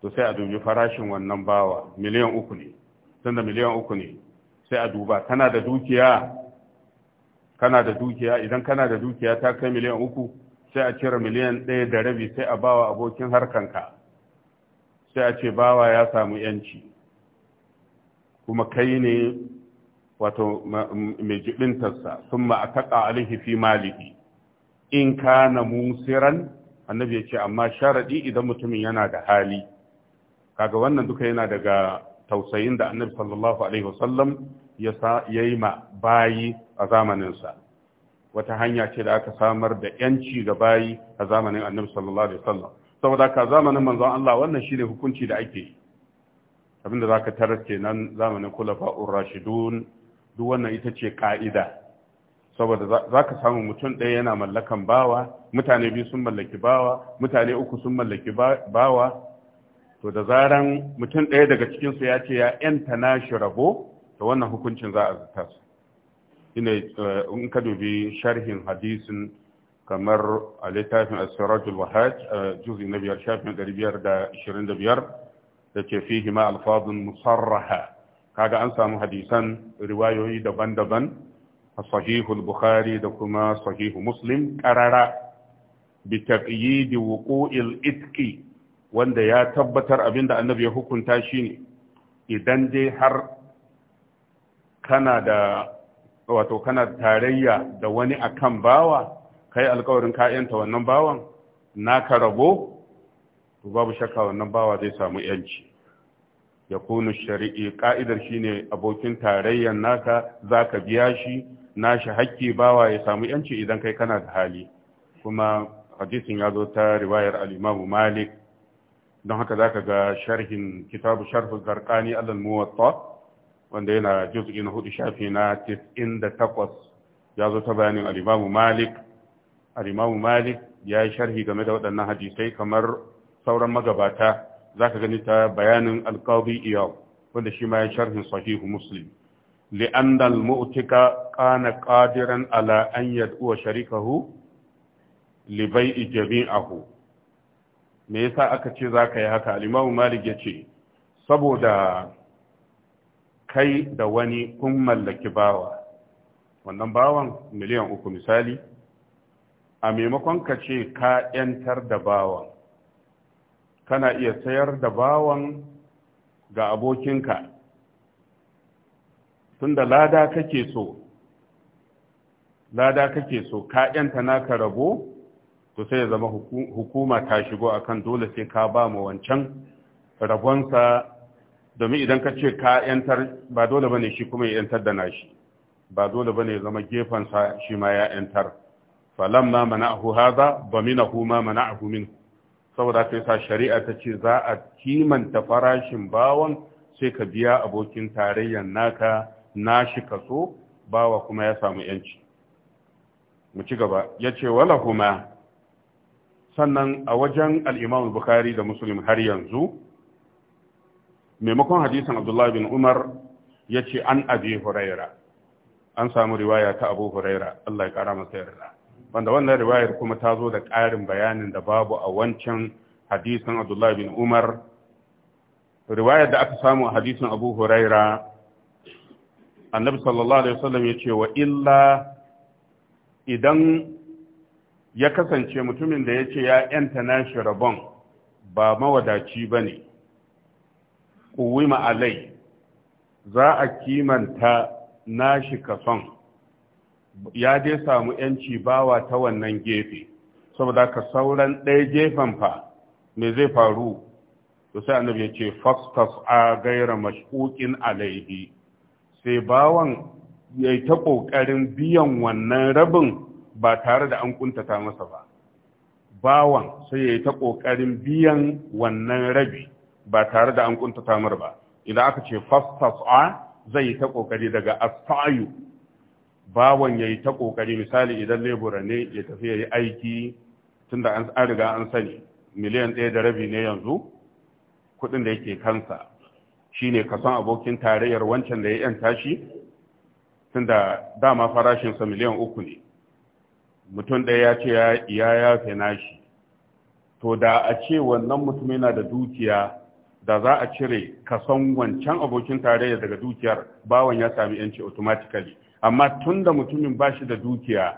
to sai a dubi farashin wannan bawa miliyan uku ne tunda miliyan uku ne sai a duba kana da dukiya kana da dukiya idan kana da dukiya ta kai miliyan uku sai a cire miliyan ɗaya da rabi sai a bawa abokin harkanka sai a ce bawa ya samu yanci kuma kai ne wato mai jibintarsa sun a alihi fi maliki in ka na musiran annabi ya ce amma sharaɗi idan mutumin yana da hali kaga wannan duka yana daga tausayin da annabi sallallahu alaihi wasallam ya yi ma bayi a zamaninsa wata hanya ce da aka samar da yanci ga bayi a zamanin annabi sallallahu alaihi wasallam saboda ka zamanin manzon Allah wannan shine hukunci da ake yi abinda zaka tarar nan zamanin khulafa'ur rashidun duk wannan ita ce ka'ida saboda zaka samu mutum ɗaya yana mallakan bawa mutane biyu sun mallaki bawa mutane uku sun mallaki bawa to da zaran mutum ɗaya daga cikinsu ya ce ya yanta nashi rabo to wannan hukuncin za a zata su ina eh, in ka dubi sharhin hadisin kamar a littafin asirajul wahaj eh, juzi na biyar shafin ɗari biyar da ishirin da biyar da ke fi hima alfazun musarraha kaga an samu hadisan riwayoyi daban-daban a sahihul bukhari da kuma sahihu muslim karara bi taqyidi wuqu'il itqi wanda ya tabbatar abinda annabi ya hukunta shine idan dai har kana da wato kana tarayya da wani akan bawa kai alkawarin ka'yanta wannan bawan naka rabo to babu shakka wannan bawa zai samu yanci ya kunu shari'i ka'idar shine abokin tarayyar naka zaka biya shi nashi hakki bawa ya samu yanci idan kai kana da hali kuma hadisin ya zo ta riwayar al-Imam Malik don haka zaka ga sharhin kitabu sharh al-Zarqani al-Muwatta wanda yana juz'i na hudu shafi na 98 ya zo ta bayanin alimamu Malik Malik ya yi sharhi game da waɗannan hadisai kamar sauran magabata zaka gani ta bayanin al-Qadi wanda shi ma ya sharhin sahihu Muslim لأن المؤتك كان قادرا على أن يدعو شريكه لبيع جميعه me yasa aka ce za ka yi haka alimamu malik ya ce saboda kai da wani kun mallaki bawa wannan bawan miliyan uku misali a maimakon ka ce ka 'yantar da bawan kana iya sayar da bawan ga abokinka tun da lada kake so lada kake so ka 'yanta naka rabo to sai ya zama hukuma ta shigo akan dole sai ka ba ma wancan rabonsa domin idan ka ce ka yantar ba dole ne shi kuma ya yantar da nashi ba dole ba ya zama gefansa shi ma ya yantar mana haza ba mina hu ma ahu min saboda kai sa shari'a ta ce za a kimanta farashin bawan sai ka biya abokin tarayyar naka nashi kaso bawa kuma ya samu yanci mu ci gaba ya ce wala kuma sannan a wajen al'imam bukhari da Musulmi har yanzu maimakon hadisin abdullahi bin umar ya ce an abi huraira an samu riwaya ta abu huraira allah ya kara masa yarda wanda wannan riwayar kuma ta zo da ƙarin bayanin da babu a wancan hadisin abdullahi bin umar riwayar da aka samu a hadisin abu huraira annabi sallallahu alaihi wasallam ya ce wa illa idan ya kasance mutumin da ya ce ya yanta nashi rabon ba mawadaci ba ne ƙuwima alai za a kimanta nashi kason ya dai samu ‘yanci bawa ta wannan gefe saboda ka sauran ɗaya gefen fa me zai faru to sai annabi ya ce fastas a gaira mashukin alaihi sai bawan ya yi ta ƙoƙarin biyan wannan rabin ba tare da an kuntata masa ba bawan sai ya yi ta ƙoƙarin biyan wannan rabi ba tare da an kuntata mar ba idan aka ce fastas'a zai ta kokari daga astayu bawan yayi ta kokari misali idan lebura ne ya tafi yayi aiki tunda an riga an sani miliyan ɗaya da rabi ne yanzu kuɗin da yake kansa shine kasan abokin tarayyar wancan da ya yanta shi tunda dama farashinsa miliyan uku ne mutum ɗaya ya ce ya yafe nashi to da a ce wannan mutum yana da dukiya da za a cire kason wancan abokin tarayya daga dukiyar bawan ya sami yanci automatically amma tun da mutumin ba shi da dukiya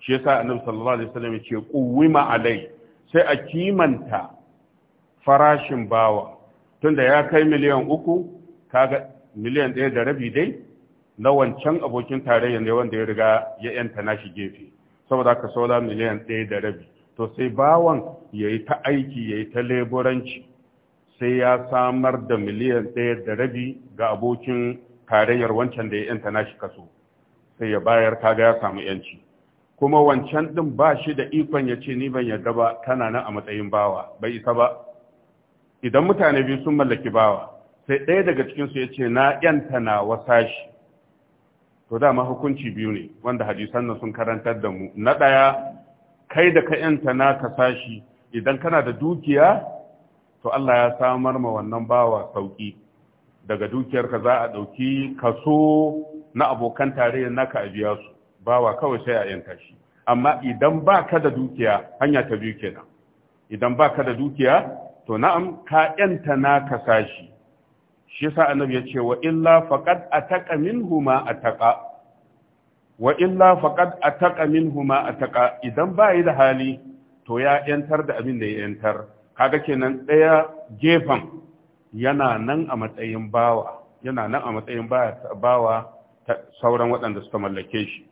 shi yasa annabi sallallahu alaihi wasallam ya ce quwwima alai sai a kimanta farashin bawa tunda ya kai miliyan uku kaga miliyan ɗaya da rabi dai na wancan abokin tarayya ne wanda ya riga ya yanta nashi gefe saboda haka saura miliyan ɗaya da rabi to sai bawan ya yi ta aiki ya yi ta leburanci sai ya samar da miliyan ɗaya da rabi ga abokin tarayyar wancan da ya yanta nashi kaso sai ya bayar kaga ya samu yanci kuma wancan ɗin ba shi da ikon ya ce ni ban yarda ba tana nan a matsayin bawa bai isa ba idan mutane biyu sun mallaki bawa sai ɗaya daga cikinsu ya ce na yanta na wasa shi to dama hukunci biyu ne wanda hadisan nan sun karantar da mu na ɗaya kai da ka yanta na ka sashi idan kana da dukiya to Allah ya samar ma wannan bawa sauki daga dukiyarka za a ɗauki kaso na abokan tare naka a biya su bawa kawai sai a yanka shi amma idan ba ka da dukiya hanya ta biyu kenan idan ba ka da dukiya to na'am ka yanta naka sashi shi yasa annabi ya ce wa illa faqad ataqa minhuma ataqa wa illa faqad ataqa minhuma ataqa idan ba yi da hali to ya yantar da abin da ya yantar kaga kenan ɗaya gefen yana nan a matsayin bawa yana nan a matsayin bawa ta sauran waɗanda suka mallake shi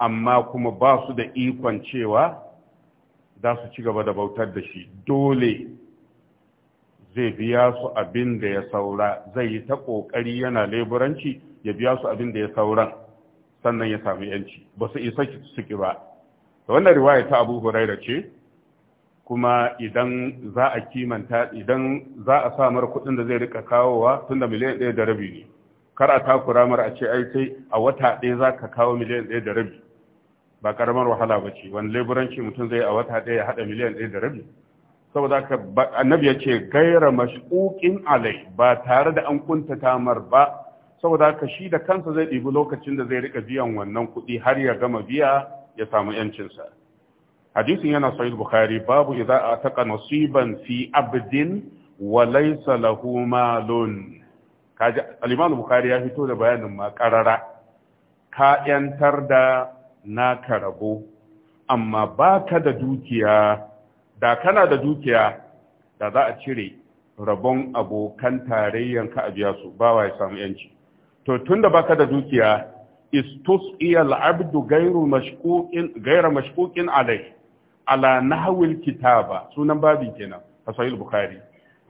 amma kuma ba su da ikon cewa za su ci gaba da bautar da shi dole zai biya su abin da ya saura zai yi ta ƙoƙari yana leburanci ya biya su abin da ya sauran sannan ya samu yanci ba su isa su ki ba wannan riwaya ta abu huraira ce kuma idan za a kimanta idan za a sa mara kuɗin da zai rika kawowa tun da miliyan ɗaya da rabi ne kar a takura mara a ce ai sai a wata ɗaya za ka kawo miliyan ɗaya da rabi ba karamar wahala ba ce wani leburanci mutum zai a wata ɗaya ya haɗa miliyan ɗaya da rabi saboda haka annabi ya ce gaira mashƙuƙin alai ba tare da an kunta tamar ba saboda haka shi da kansa zai ɗibi lokacin da zai rika biyan wannan kuɗi har ya gama biya ya samu 'yancinsa. hadisin yana sahih bukhari babu idza ataqa nasiban fi abdin wa laysa lahu malun kaji al-imam bukhari ya fito da bayanin makarara. karara ka yantar da naka rabo amma baka da dukiya da kana da dukiya da za a cire rabon abokan tarayyanka ka a biya ya samu yanci to tunda baka da dukiya istus iyal abdu gaira mashkukin alai ala nahawil kitaba sunan babin kenan a sahih bukhari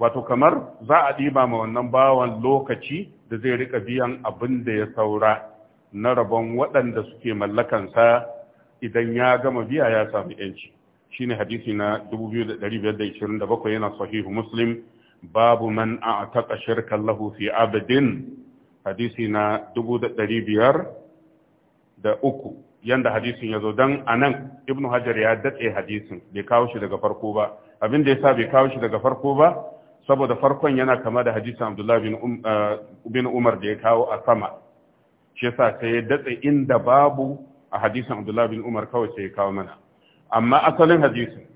wato kamar za a ɗiba ma wannan bawan lokaci da zai rika biyan abin da ya saura na rabon waɗanda suke mallakansa idan ya gama biya ya samu yanci shine hadisi na 2527 yana sahihu muslim babu man a'taqa shirkan lahu fi abdin hadisi na 5500 da uku yanda hadisin ya zo don a nan ibnu hajar ya datse hadisin bai kawo shi daga farko ba abin da ya sa bai kawo shi daga farko ba saboda farkon yana kama da hadisin abdullahi um, eh, bin umar da ya kawo a sama shi yasa sai ya datse inda babu a hadisin abdullahi bin umar kawai sai ya kawo mana amma asalin hadisin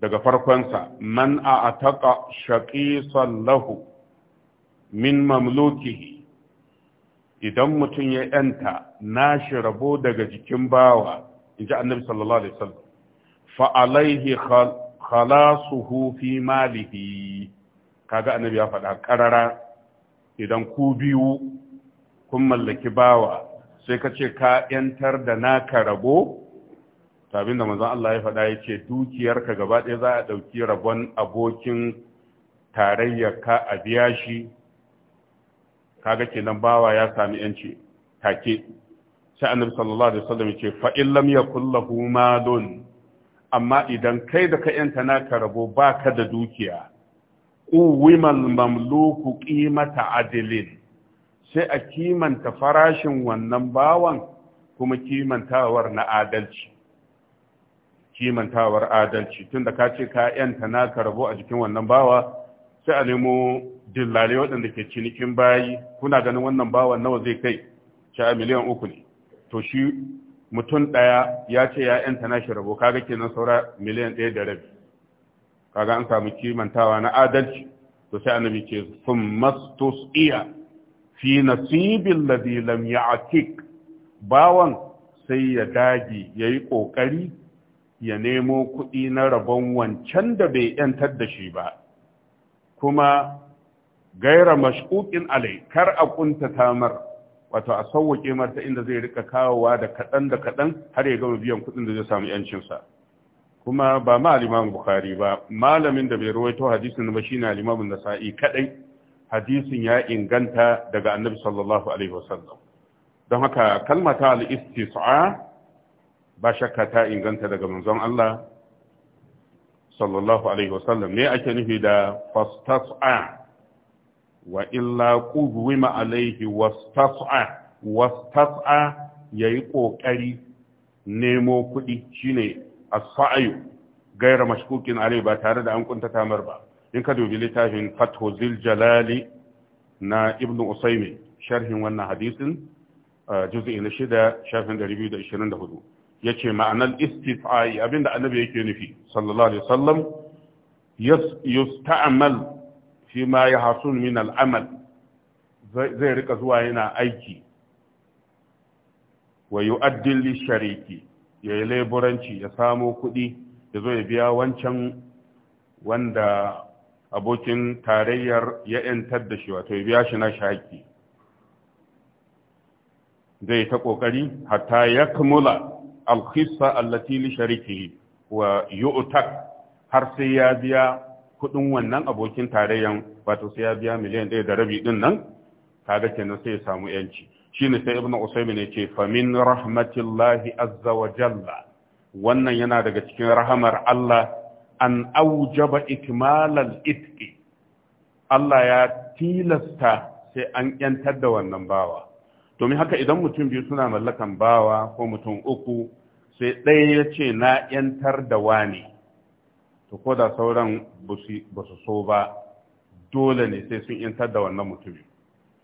daga farkonsa man a ataka shaqisan sallahu min mamlukihi idan mutum ya yanta na shi rabo daga jikin bawa in ji annabi sallallahu alaihi wasallam fa alaihi khalasuhu fi malihi kaga annabi ya faɗa ƙarara. idan ku biyu kun mallaki bawa sai ka ce ka yantar da naka rabo tabin da manzon Allah ya faɗa ya ce dukiyarka gaba ɗaya za a ɗauki rabon abokin tarayyarka a biya shi kaga kenan bawa ya sami yanci take sai annabi sallallahu alaihi wasallam yace fa in lam yakul lahu madun amma idan kai da ka yanta naka rabo baka da dukiya uwimal mamluku qimata adilin sai a kimanta farashin wannan bawan kuma kimantawar na adalci kimantawar adalci tunda ka ce ka yanta naka rabo a jikin wannan bawa sai a nemo dillale waɗanda ke cinikin bayi kuna ganin wannan bawan nawa zai kai sha miliyan uku ne to shi mutum ɗaya ya ce ya yanta na shi rabo kaga kenan saura miliyan ɗaya da rabi kaga an samu kimantawa na adalci to sai annabi ce sun mastus iya fi nasibin ladhi lam atik bawan sai ya dage yi ƙoƙari, ya nemo kuɗi na rabon wancan da bai yantar da shi ba kuma gaira mashkukin alai kar a kunta tamar wato a sauwake mata inda zai rika kawowa da kaɗan da kaɗan har ya gama biyan kuɗin da zai samu yancinsa kuma ba ma alimamin bukari ba malamin da bai rawaito hadisin ba shine alimamin nasa'i kaɗai hadisin ya inganta daga annabi sallallahu alaihi wasallam don haka kalmata al-istis'a ba shakka ta inganta daga manzon Allah sallallahu alaihi wasallam ne ake nufi da fastas'a wa illa qudwima alaihi wastas'a wastas'a yayi kokari nemo kuɗi shine as-sa'yu gaira mashkukin alai ba tare da an kuntata mar ba in ka dubi littafin fathu jalali na ibnu usaymi sharhin wannan hadisin juz'i na shida shafin 224 yace ma'anar istifai abinda annabi yake nufi sallallahu alaihi wasallam yusta'mal shi ma ya hasun min al'amal zai rika zuwa yana aiki wa yi li shariki ya yi leburanci ya samo kuɗi ya zo ya biya wancan wanda abokin tarayyar ya ‘yantar da shi wato ya biya shi na shaki zai ta ƙoƙari hatta ya kamula alkhisa allati li shariki wa yu'tak har sai ya biya kudin wannan abokin tarayyan wato sai ya biya miliyan ɗaya da rabi din nan kaga kenan sai ya samu yanci shine sai ibnu usaymin yace ce fa min rahmatillahi azza wa jalla wannan yana daga cikin rahamar Allah an aujaba ikmalal itqi Allah ya tilasta sai an yantar da wannan bawa domin haka idan mutum biyu suna mallakan bawa ko mutum uku sai ɗaya ya ce na yantar da wani to ko da sauran ba su so ba dole ne sai sun yantar da wannan mutumin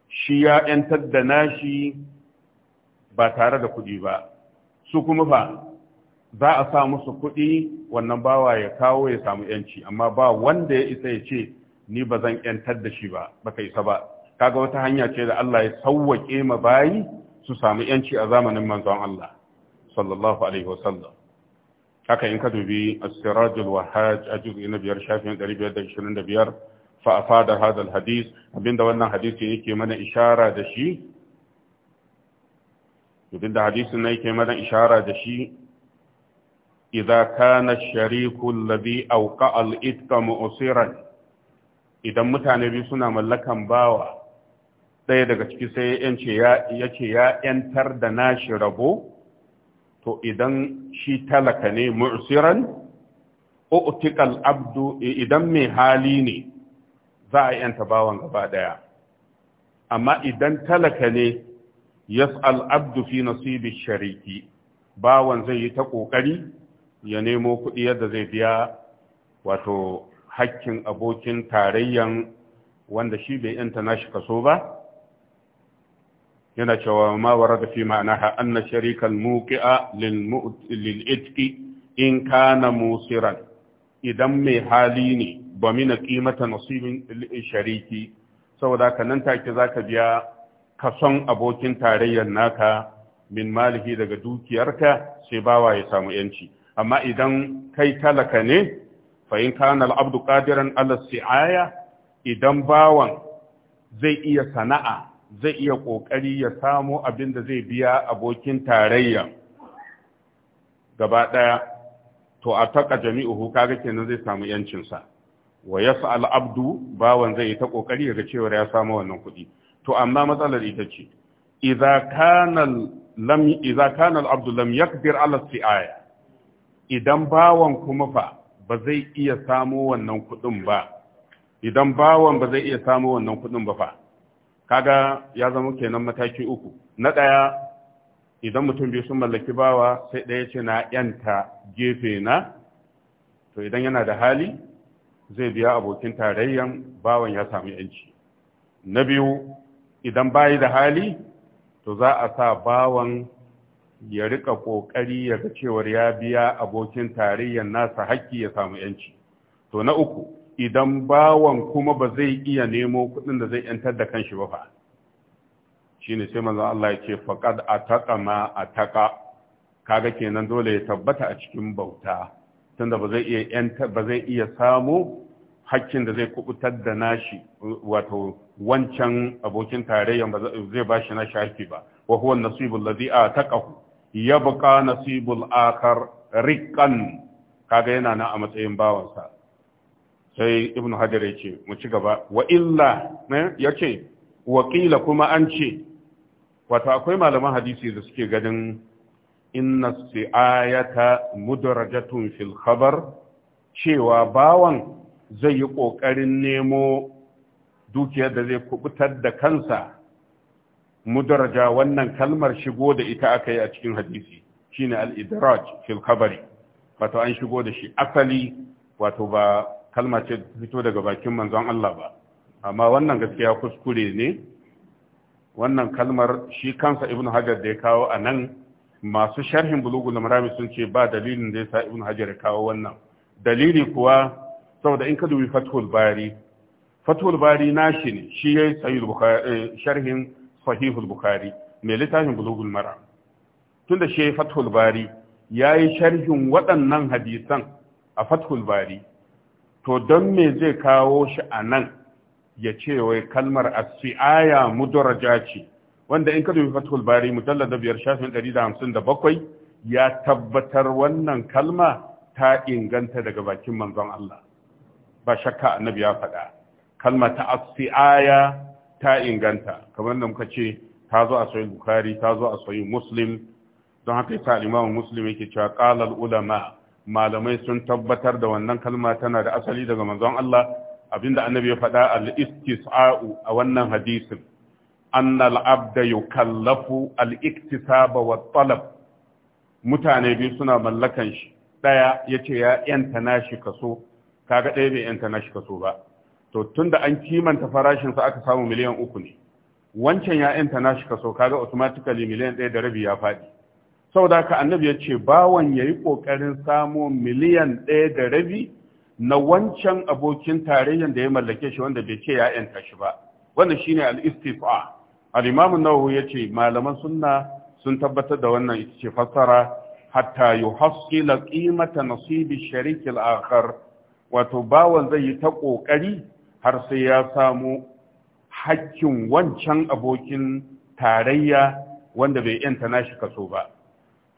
shi ya yantar da nashi ba tare da kuɗi ba su kuma ba za a sa musu kuɗi wannan bawa ya kawo ya samu yanci amma ba wanda ya isa ya ce ni ba zan yantar da shi ba baka isa ba kaga wata hanya ce da Allah ya sauwake ma bayi su samu yanci a zamanin manzon Allah sallallahu alaihi wasallam haka in ka dubi as-sirajul wahaj a juz'i na biyar shafin 525 fa afada hada al-hadith abinda wannan hadisi yake mana ishara da shi abinda hadisin nan yake mana ishara da shi idza kana shariku alladhi awqa al-ithqa mu'siran idan mutane biyu suna mallakan bawa ɗaya daga ciki sai ya ce ya ‘yantar da nashi rabo to idan shi talaka ne mu'siran utiqal abdu idan mai hali ne za a yanta bawan gaba daya amma idan talaka ne yas'al abdu fi nasibi shariki bawan zai yi ta kokari ya nemo kuɗi yadda zai biya wato hakkin abokin tarayyan wanda shi bai yanta nashi kaso ba yana cewa ma warada fi ma'anaha anna sharikal muqi'a lil itqi in kana musiran idan mai hali ne ba mina qimata nasibin shariki saboda ka nan take zaka biya kason abokin tarayyar naka min malihi daga dukiyarka sai bawa ya samu yanci amma idan kai talaka ne fa in kana al-abdu qadiran ala si'aya idan bawan zai iya sana'a zai iya ƙoƙari ya samo abin da zai biya abokin tarayya gaba ɗaya to a taka jami'uhu kaga kenan zai samu yancinsa wa yas'al abdu bawan zai ta ƙoƙari ya ga cewa ya samu wannan kuɗi to amma matsalar ita ce idza kana lam idza kana ala siaya idan bawan kuma fa ba zai iya samu wannan kuɗin ba idan bawan ba zai iya samu wannan kuɗin ba fa kaga ya zama kenan mataki uku na ɗaya idan mutum biyu sun mallaki bawa sai ɗaya ce na yanta gefe na to idan yana da hali zai biya abokin tarayyan bawan ya samu yanci na biyu idan bayi da hali to za a sa bawan ya rika kokari ya ga cewar ya biya abokin tarayyan nasa haƙƙi ya samu yanci to na uku idan bawan kuma ba zai iya nemo kudin da zai ‘yantar da kanshi ba fa shi ne sai manzo Allah ya ce faqad a ma a taƙa kaga kenan dole ya tabbata a cikin bauta tunda ba zai iya ba zai iya samu hakkin da zai kubutar da nashi wato wancan abokin tarayyan ba zai ba shi nashi ba wa huwa nasibul ladhi a yabqa nasibul akhar riqan kaga yana nan a matsayin bawansa sai ibn hajar ya ce mu ci gaba wa illa ya ce wakila kuma an ce wato akwai malaman hadisi da suke ganin inna si'ayata mudarajatun fil khabar cewa bawan zai yi ƙoƙarin nemo dukiyar da zai kubutar da kansa mudaraja wannan kalmar shigo da ita aka yi a cikin hadisi shine al-idraj fil khabari wato an shigo da shi asali wato ba kalma ce fito daga bakin manzon Allah ba amma wannan gaskiya kuskure ne wannan kalmar shi kansa ibn hajar da ya kawo a nan masu sharhin bulugul marami sun ce ba dalilin da ya sa ibn hajar ya kawo wannan dalili kuwa saboda in ka dubi fathul bari fathul bari nashi ne shi yayi sahih bukhari eh, sharhin sahihul bukhari mai littafin bulugul maram tunda shi fathul bari yayi sharhin waɗannan hadisan a fathul bari to don me zai kawo shi a nan ya ce wai kalmar asi'aya mudaraja ce wanda in ka dubi fathul bari mujallar da biyar shafin ɗari da hamsin da bakwai ya tabbatar wannan kalma ta inganta daga bakin manzon Allah ba shakka annabi ya faɗa kalma ta Asfi'aya ta inganta kamar da muka ce ta zo a sahih bukhari ta zo a sahih muslim don haka yasa al-imamu muslim yake cewa qala ulama malamai sun tabbatar da wannan kalma tana da asali daga manzon Allah abinda annabi ya faɗa al-istis'a'u a wannan hadisin anna al-abda yukallafu al-iktisaba wa talab mutane biyu suna mallakan shi daya yace ya yanta nashi kaso kaga daya bai yanta nashi kaso ba to tunda an kimanta farashin sa aka samu miliyan uku ne wancan ya yanta nashi kaso kaga automatically miliyan ɗaya da rabi ya faɗi saboda haka annabi ya ce bawan ya yi ƙoƙarin samo miliyan ɗaya da rabi na wancan abokin tarayyar da ya mallake shi wanda bai ce ya ‘yanta shi ba wanda shine al-istifa al-imam nawawi ya ce malaman sunna sun tabbatar da wannan ita ce fassara hatta yuhassila ƙimata nasibi shariki al-akhar wato bawan zai yi ta ƙoƙari har sai ya samu hakkin wancan abokin tarayya wanda bai ‘yanta nashi kaso ba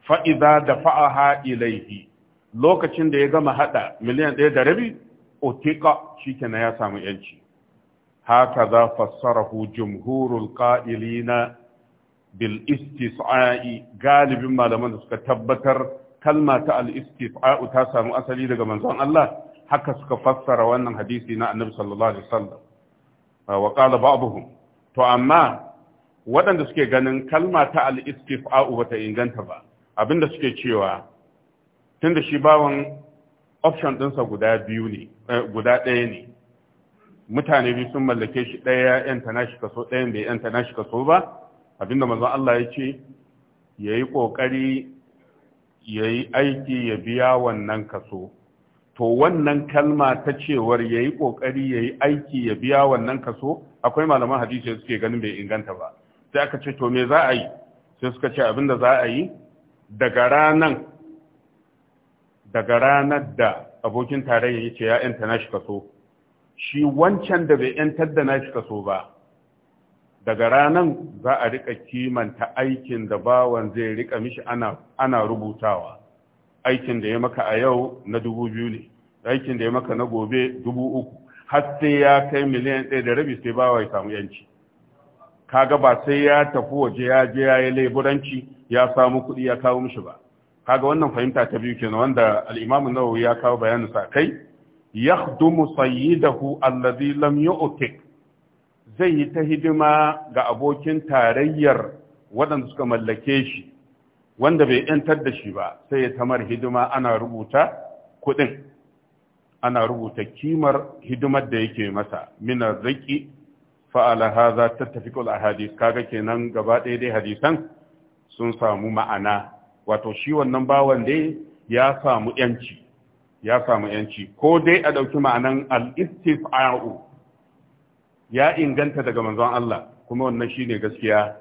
fa'iza da fa'aha ilaihi lokacin da ya gama haɗa miliyan ɗaya da rabi otika shi kenan ya samu yanci haka za fassarahu jumhurul ƙa'ilina bil istis'a'i galibin malaman da suka tabbatar kalma ta al ta samu asali daga manzon Allah haka suka fassara wannan hadisi na annabi sallallahu alaihi wasallam wa qala ba'dhum to amma waɗanda suke ganin kalma ta al bata inganta ba abinda suke cewa tun da shi bawan option ɗinsa guda biyu ne eh, guda ɗaya ne mutane biyu sun mallake shi ɗaya yan tana shi kaso ɗayan bai yan tana shi kaso ba abinda manzon Allah ya ce ya yi ƙoƙari ya yi aiki ya biya wannan kaso to wannan kalma ta cewar ya yi ƙoƙari ya yi aiki ya biya wannan kaso akwai malaman hadisi suke ganin bai inganta ba sai aka ce to me za a yi sai suka ce abinda za a yi daga ranan daga ranar da abokin tarayya ya ce ya ‘yanta na shi kaso shi wancan da bai ‘yantar da na shi kaso ba daga ranan za a rika kimanta aikin da bawan zai rika mishi ana rubutawa aikin da ya maka a yau na dubu biyu ne aikin da ya maka na gobe dubu uku har sai ya kai miliyan ɗaya da rabi sai bawa ya samu yanci kaga ba sai ya tafi waje ya je ya yi laiburanci ya samu kuɗi ya kawo mishi ba kaga wannan fahimta ta biyu kenan wanda al-Imam nawawi ya kawo bayanin sa kai yakhdumu sayyidahu alladhi lam yu'tik zai yi ta hidima ga abokin tarayyar waɗanda suka mallake shi wanda bai ‘yantar da shi ba sai ya tamar hidima ana rubuta kuɗin ana rubuta kimar hidimar da yake masa mina zaki fa'ala haza a hadis kaga kenan gaba ɗaya dai hadisan sun samu ma'ana wato shi wannan bawan dai ya samu yanci ya samu yanci ko dai a ɗauki ma'anan al’istif a’u ya inganta daga manzon Allah kuma wannan ne gaskiya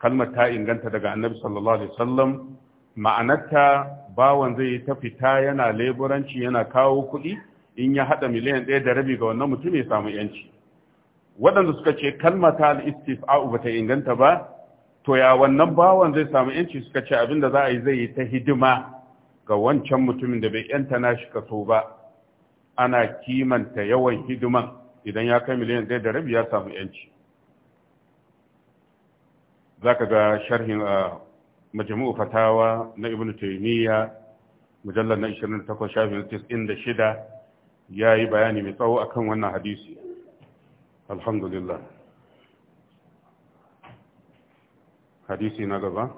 kalmar ta inganta daga annabi sallallahu alaihi wasallam ma'anarta bawan zai yi ta fita yana leburanci yana kawo kuɗi in ya haɗa miliyan ɗaya da rabi ga wannan mutum ya samu yanci waɗanda suka ce kalmata al-istifa'u bata inganta ba to ya wannan bawan zai samu yanci suka ce abin da za a yi zai yi ta hidima ga wancan mutumin da bai yanta nashi kaso ba ana kimanta yawan hidima idan ya kai miliyan ɗaya da rabi ya samu yanci za ka ga sharhin a majami’u fatawa na ibn taymiya mujallar na 28 shafin 96 ya yi bayani mai tsawo akan wannan hadisi alhamdulillah hadisi na gaba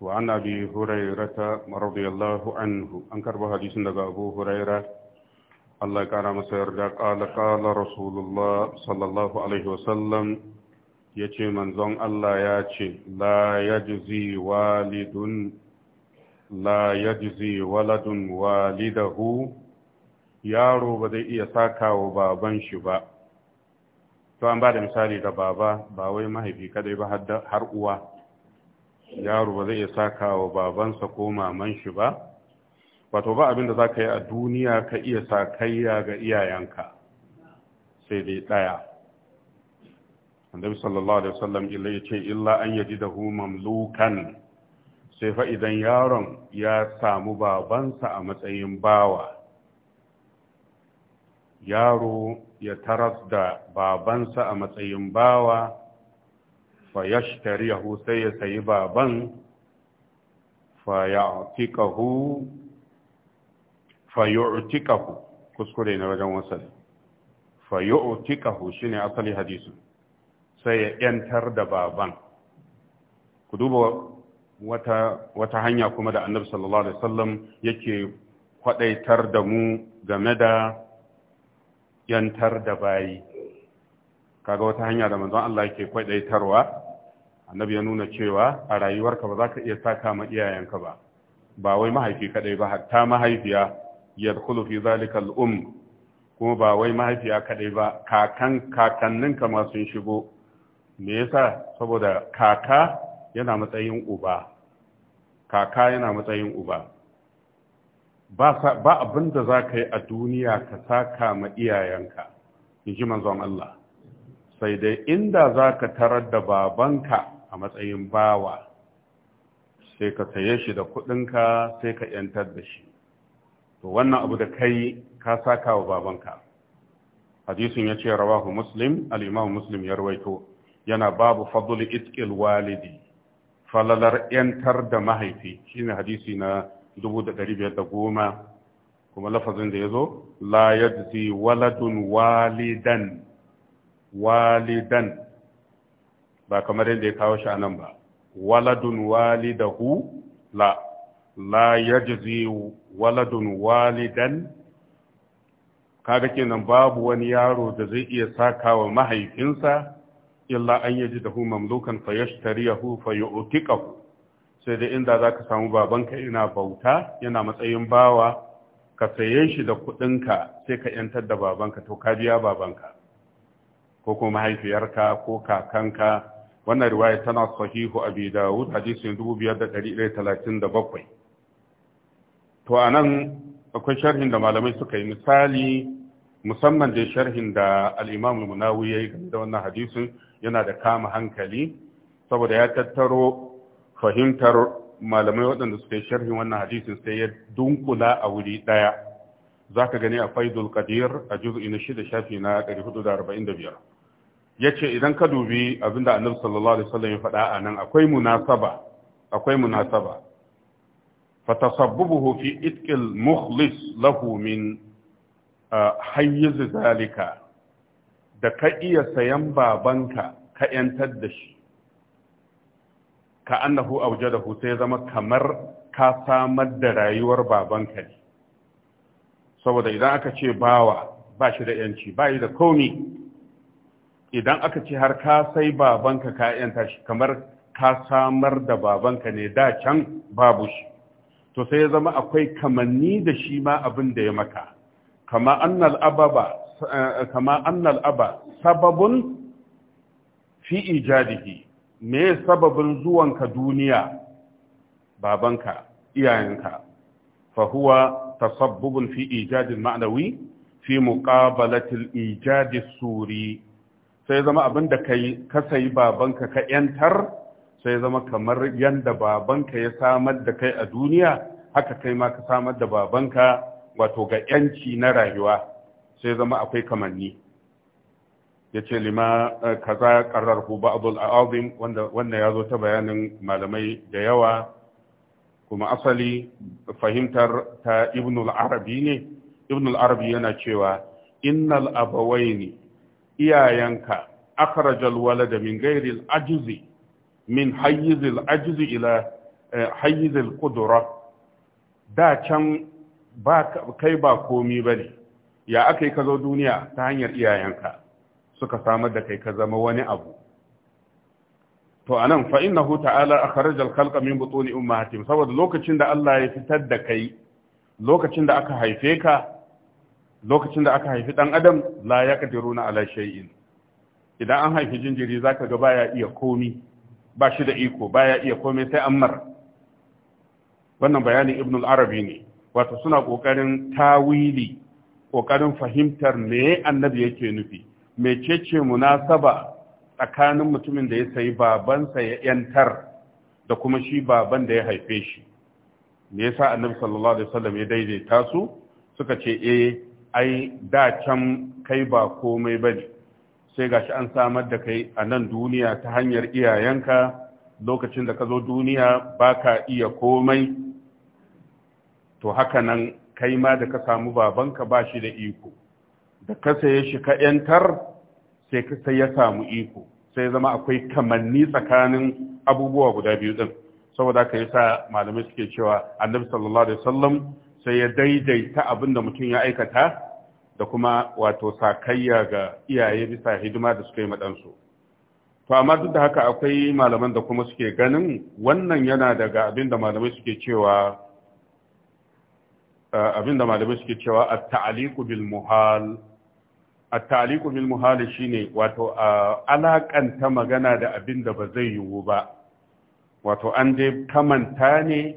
wa an hurairata radiyallahu anhu an karba hadisin ga abu huraira Allah ya kara masa yarda qala qala rasulullah sallallahu alaihi wasallam yace manzon Allah ya ce la yajzi walidun la yajzi waladun walidahu yaro ba zai iya saka baban shi ba to an ba da misali da baba ba wai mahaifi kadai ba har uwa yaro ba zai iya saka babansa ko maman shi ba wato ba abinda da za ka yi a duniya ka iya sakayya ga iyayenka sai dai ɗaya annabi sallallahu alaihi wasallam illa yace illa an yajidahu mamlukan sai fa idan yaron ya samu babansa a matsayin bawa yaro ya taras da babansa a matsayin bawa fa yashtarihu sai ya sayi baban fa ya'tiqahu fa kuskure na wajen wasal fa shi ne asali hadisu. sai ya yantar da baban ku duba wata hanya kuma da Annabi sallallahu alaihi wasallam yake kwadaitar da mu game da yantar da bayi kaga wata hanya da manzon Allah yake kwaidaitarwa annabi ya nuna cewa a rayuwarka ba za ka iya saka ma iyayenka ba ba wai mahaifi kadai ba hatta mahaifiya yadkhulu fi zalika al-um kuma ba wai mahaifiya kadai ba kakan kakanninka ma sun shigo me yasa saboda kaka yana matsayin uba kaka yana matsayin uba ba abin da za ka yi a duniya ka saka ma iyayenka in ji manzon Allah sai dai inda za ka tarar da babanka a matsayin bawa sai ka saye shi da kudinka sai ka yantar da shi to wannan abu da kai ka saka wa babanka hadisin ya ce rawahu muslim al'imamu muslim ya rawaito yana babu fadul Itkil walidi falalar yantar da mahaifi shine hadisi na 1510 kuma lafazin da ya zo la yajzi waladun walidan walidan ba kamar yadda ya kawo shi a nan ba waladun walidahu la la yajzi waladun walidan kaga kenan babu wani yaro da zai iya sakawa mahaifinsa illa an yaji da hu mamlukan fa yashtariyahu fa yu'tiqahu sai da inda za ka samu babanka ina bauta yana matsayin bawa ka saye shi da kuɗinka sai ka ‘yantar da babanka to ka biya babanka ko kuma mahaifiyarka ko kakanka wannan riwaya tana sahihu abi dawud hadisin 5137 to anan akwai sharhin da malamai suka yi misali musamman da sharhin da al-imam munawi yayi game da wannan hadisin yana da kama hankali saboda ya tattaro fahimtar malamai waɗanda suka yi sharhin wannan hadisin sai ya dunkula a wuri ɗaya za ka gani a faidul qadir a juz'i na shida shafi na 445 ya ce idan ka dubi abinda annabi sallallahu alaihi wasallam ya faɗa a nan akwai munasaba akwai munasaba fatasabbubuhu fi itqil mukhlis lahu min hayyiz zalika da ka iya sayan babanka ka yantar da shi ka annahu aujadahu sai zama kamar ka samar da rayuwar babanka ne saboda idan aka ce bawa ba shi da yanci ba yi da komi idan aka ce har ka sai babanka ka yanta shi kamar ka samar da babanka ne da can babu shi to sai ya zama akwai kamanni da shi ma abin da ya maka kama annal ababa eh, kama annal aba sababun fi ijadihi me sababin zuwanka duniya babanka iyayenka fahuwa, huwa tasabbubun fi ijadin ma'nawi fi muqabalatil ijadi suri sai zama abin da kai ka sayi babanka ka yantar sai zama kamar yanda babanka ya samar da kai a duniya haka kai ma ka samar da babanka wato ga yanci na rayuwa sai zama akwai kamanni ya ce lima eh, kaza kararhu ba'dul a'azim wanda ya zo ta bayanin malamai da yawa kuma asali fahimtar ta ibnul arabi ne ibnul arabi yana cewa innal abawaini iyayenka akhrajal da min ghairi ajizi, min hayyizil ajizi ila eh, hayyizil kudura. da can kai ba komi bane ya akai ka zo duniya ta hanyar iyayenka suka samar da kai ka zama wani abu to anan fa innahu ta'ala akhraja al-khalqa min butuni ummahatihim saboda lokacin da Allah ya fitar da kai lokacin da aka haife ka lokacin da aka haifi dan adam la yaqdiruna ala shay'in idan an haifi jinjiri zaka ga baya iya komi ba shi da iko baya iya komai sai ammar wannan bayanin ibn al-arabi ne wato suna kokarin tawili kokarin fahimtar me annabi yake nufi mecece munasaba tsakanin mutumin da ya sayi babansa ya yantar da kuma shi baban da ya haife shi me yasa annabi sallallahu alaihi wasallam ya daidaita su suka ce eh ai da can kai ba komai bane sai gashi an samar da kai a nan duniya ta hanyar iyayenka lokacin da ka zo duniya baka iya komai to haka nan kai ma da ka samu babanka ba shi da iko da ka saye shi ka ‘yantar sai ya samu iko sai zama akwai kamanni tsakanin abubuwa guda biyu ɗin saboda ka yi sa malamai suke cewa annabi sallallahu alaihi wasallam sai ya daidaita abin da mutum ya aikata da kuma wato sakayya ga iyaye bisa hidima da suka yi maɗansu to amma duk da haka akwai malaman da kuma suke ganin wannan yana daga abin da malamai suke cewa eh, abin da malamai suke cewa at bil muhal at-taliqu bil muhal shine wato alakanta magana da abin da ba zai yiwu ba wato an dai kamanta ne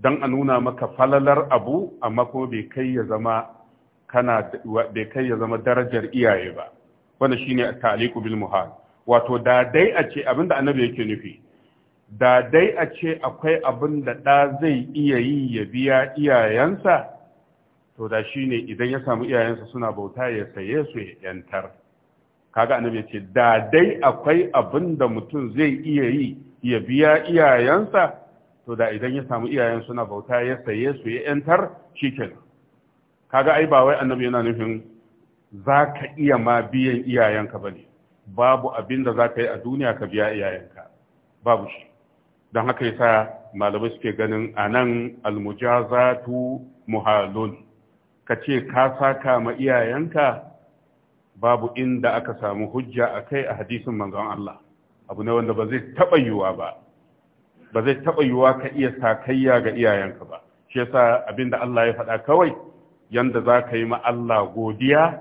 don a nuna maka falalar abu amma kuma bai kai ya zama kana bai kai ya zama darajar iyaye ba wanda shine at-taliqu bil muhal wato da dai a ce abinda annabi yake nufi da dai a ce akwai abin da ɗa zai iya yi ya biya iyayensa to da shi ne idan ya samu iyayensa suna bauta ya saye su ya yantar kaga annabi ya ce da dai akwai abin da mutum zai iya yi ya biya iyayensa to da idan ya samu iyayen suna bauta ya saye su ya yantar shikenan kaga ai ba wai annabi yana nufin za ka iya ma biyan iyayenka ba ne babu abin da za ka yi a duniya ka biya iyayenka babu shi don haka yasa malamai suke ganin anan almujazatu muhalun ka ce ka saka ma iyayenka babu inda aka samu hujja a kai a hadisin manzon Allah abu ne wanda ba zai taɓa yiwuwa ba ba zai taɓa yiwuwa ka iya sakayya ga iyayenka ba shi yasa abinda Allah ya faɗa kawai yanda za ka yi ma Allah godiya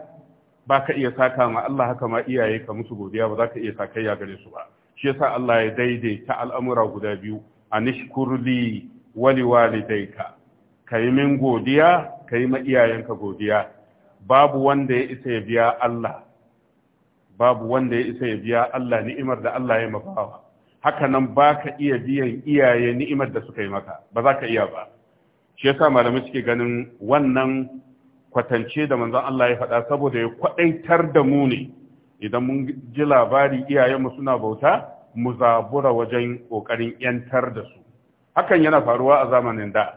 ba ka iya saka ma Allah haka ma iyaye ka musu godiya ba za ka iya sakayya gare su ba shi yasa Allah ya daidaita al'amura guda biyu anishkurli wali walidayka ka min godiya ka yi ma iyayenka godiya babu wanda ya isa ya biya Allah babu wanda ya isa ya biya Allah ni'imar da Allah ya mafawa. haka nan ba ka iya biyan iyaye ni'imar da suka yi maka ba za ka iya ba shi yasa malamai suke ganin wannan kwatance da manzon Allah ya faɗa saboda ya kwaɗaitar da mu ne idan mun ji labari iyayenmu suna bauta mu zabura wajen ƙoƙarin ‘yantar da su hakan yana faruwa a zamanin da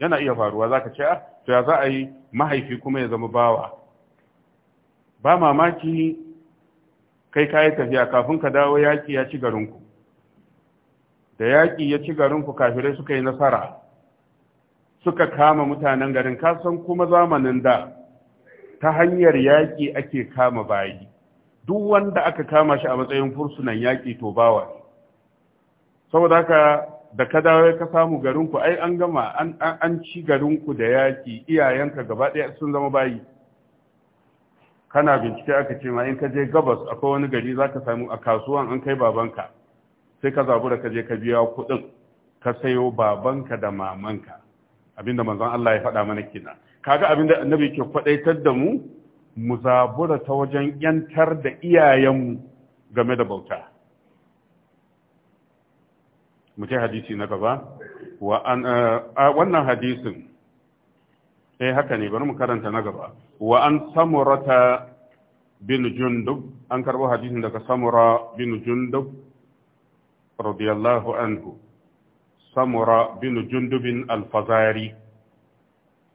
yana iya faruwa za ka ce a ah, to ya za a yi mahaifi kuma ya zama bawa ba mamaki kai ka yi tafiya kafin ka dawo yaƙi ya ci garinku da yaƙi ya ci garinku kafirai suka yi nasara suka kama mutanen garin kasan kuma zamanin da ta hanyar yaƙi ake kama bayi duk wanda aka kama shi a matsayin fursunan yaƙi to bawa saboda haka da ka dawo ka samu garinku ai an gama an ci garinku da yaki iyayenka gaba ɗaya sun zama bayi kana bincike aka ce ma in ka je gabas akwai wani gari za ka samu a kasuwan an kai babanka sai ka zabura ka je ka biya kuɗin ka sayo babanka da mamanka abinda manzon Allah ya faɗa mana kenan kaga abinda annabi ke faɗaitar da mu mu zabura ta wajen yantar da iyayenmu game da bauta mu ce hadisi na gaba wa eh, wannan hadisin sai eh, haka ne bari mu karanta na gaba wa an samurata bin jundub an karbo hadisin daga samura bin jundub radiyallahu anhu samura bin jundubin alfazari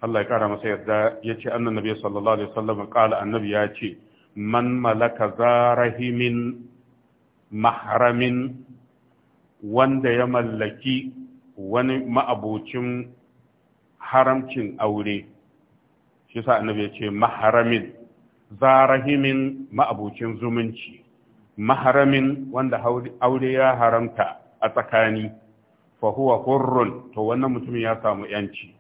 Allah ya kara masa yarda ya ce annan nabi sallallahu alaihi wasallam kala annabi ya ce man malaka zarahimin mahramin wanda ya mallaki wani ma'abocin haramcin aure shi sa annabi ya ce maharamin zarahimin ma'abocin zumunci maharamin wanda aure ya haramta a tsakani fa huwa to wannan mutumin ya samu yanci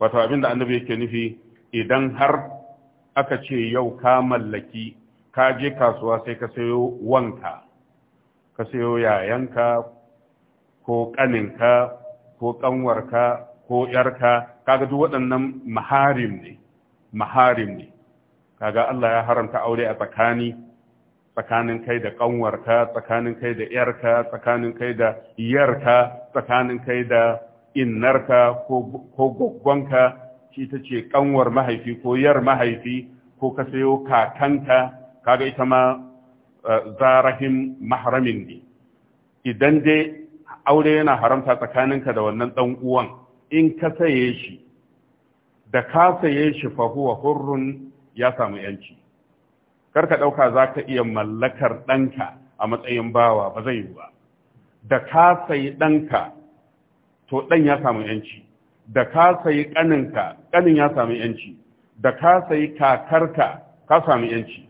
wato abinda annabi yake nufi idan har aka ce yau ka mallaki ka je kasuwa sai ka sayo wanka ka sayo yayanka ko ƙaninka ko ƙanwarka ko ƴarka, kaga duk waɗannan maharim ne maharim ne kaga Allah ya haramta aure a tsakani tsakanin kai da ƙanwarka tsakanin kai da ƴarka, tsakanin kai da yarka tsakanin kai da innarka ko goggonka shi ta ce ƙanwar mahaifi ko yar mahaifi ko ka sayo kakanka kaga ita ma eh, zarahin mahramin ne idan dai aure yana haramta tsakaninka da wannan dan uwan in ka saye shi da ka saye shi fa huwa hurrun ya samu yanci kar ka dauka zaka iya mallakar ɗanka a matsayin bawa ba zai yi ba da ka sayi danka to dan ya samu yanci da ka sayi ƙaninka, kanin ya samu yanci da ka sayi kakarka ka samu yanci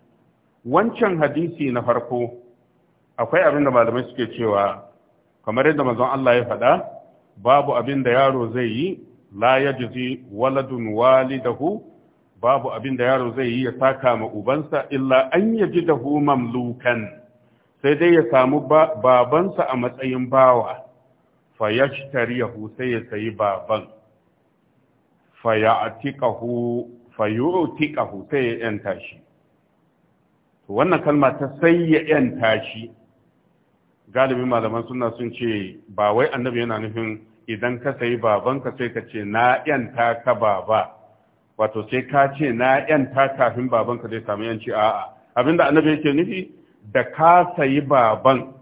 wancan hadisi na farko akwai abinda malamai suke cewa kamar yadda manzon Allah ya faɗa babu abin da yaro zai yi la yajzi waladun walidahu babu abin da yaro zai yi ya saka ma ubansa illa an ya ji yajidahu mamlukan sai dai ya samu babansa a matsayin bawa fa ya sai ya sayi baban fa fayutiqahu sai ya yanta shi wannan kalma ta sai ya yanta shi galibin malaman suna sun ce ba wai annabi yana nufin idan ka sayi babanka sai ka ce na yanta ka baba wato sai ka ce na yanta kafin babanka zai samu yanci a'a abinda annabi yake nufi da ka sayi baban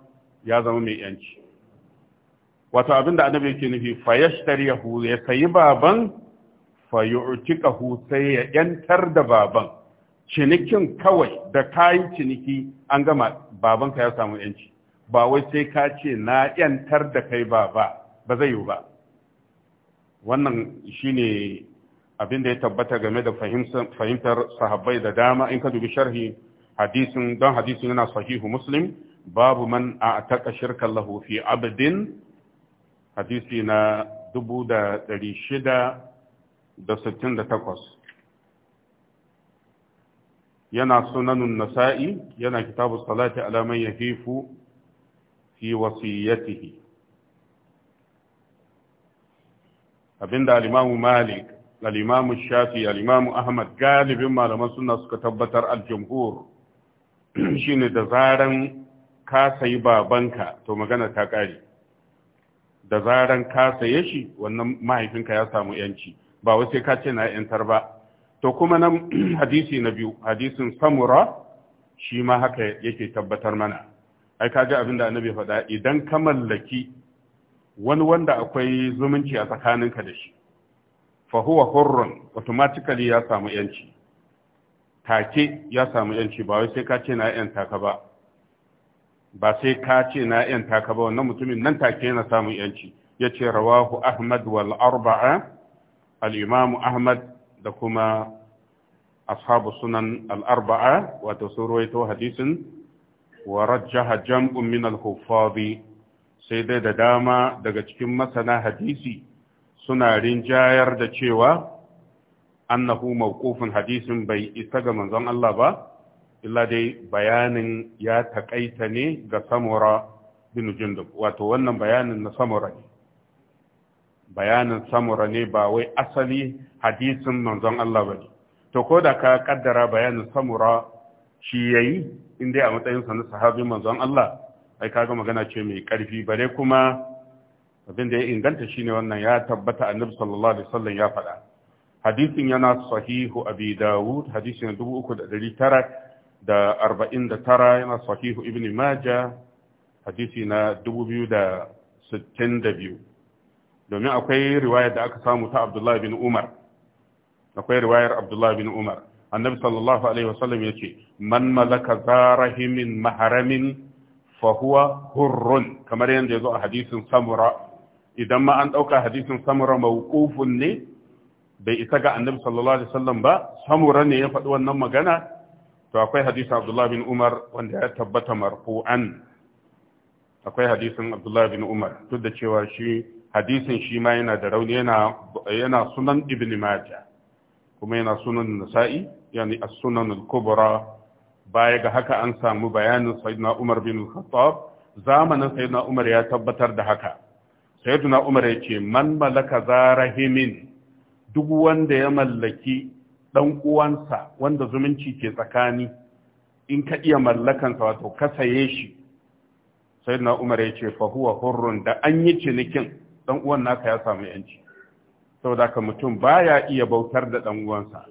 ya zama mai yanci wato abinda annabi yake nufi fa yahu ya sayi baban fa yu'tikahu sai ya yantar da baban cinikin kawai da kayi ciniki an gama babanka ya samu yanci ba wai sai ka ce na yantar da kai ba ba ba zai yiwu ba wannan shine abin da ya tabbata game da fahimtar sahabbai da dama in ka dubi sharhi hadisin don hadisin yana sahihu muslim babu man a taka shirkan lahu fi abdin hadisi na takwas. yana sunanun nasa'i yana kitabu salati alaman hifu. fi wasiyyatihi abinda al-imamu malik al shafi al ahmad galibin malaman suna suka tabbatar al-jumhur shine da zaran ka sayi babanka to magana ta kare da zaran ka saye shi wannan mahaifinka ya samu yanci ba wai sai ka ce na yantar ba to kuma nan hadisi na biyu hadisin samura shi ma haka yake tabbatar mana ai ga abin da annabi faɗa idan ka mallaki wani wanda akwai zumunci a tsakaninka da shi fa huwa hurrun automatically ya samu yanci take ya samu yanci ba wai sai ka ce na yanta ka ba ba sai ka ce na yanta ka ba wannan mutumin nan take yana samun yanci yace rawahu ahmad wal arba'a al imam ahmad da kuma ashabu sunan al arba'a wato sun ruwaito hadisin wa jihar jam'un min al sai dai da dama daga cikin masana hadisi suna rinjayar da cewa annahu mawqufun hadisin bai isa ga manzon Allah ba illa dai bayanin ya takaita ne ga samura bin jundub wato wannan bayanin na samura ne bayanin samura ne ba wai asali hadisin manzon Allah ba ne to ko da ka kaddara bayanin samura shi yayi in dai a matsayinsa na sahabin manzon Allah ai kaga magana ce mai karfi bare kuma abin da ya inganta shine wannan ya tabbata annabi sallallahu alaihi wasallam ya faɗa hadisin yana sahihu abi dawud hadisin 3949 yana sahihu ibn majah hadisi na 2062 domin akwai riwayar da aka samu ta abdullahi bin umar akwai riwayar abdullahi bin umar annabi sallallahu alaihi wasallam ya ce man malaka zarahi min maharamin fahuwa hurrun kamar yadda ya zo a hadisin samura idan ma an ɗauka hadisin samura mawqufun ne bai isa ga annabi sallallahu alaihi wasallam ba samura ne ya faɗi wannan magana to akwai hadisin abdullahi bin umar wanda ya tabbata marfu'an akwai hadisin abdullahi bin umar duk da cewa shi hadisin shi ma yana da rauni yana yana sunan ibn majah kuma yana sunan nasa'i yani as-sunan al-kubra baya ga haka an samu bayanin sayyidina Umar bin Khattab zamanin sayyidina Umar ya tabbatar da haka sayyidina Umar ce man malaka zarahimin duk wanda ya mallaki dan uwansa wanda zumunci ke tsakani in ka iya mallakansa wato ka saye shi sayyidina Umar yace fa huwa hurrun da an yi cinikin dan uwan naka ya samu yanci saboda ka mutum baya iya bautar da dan uwansa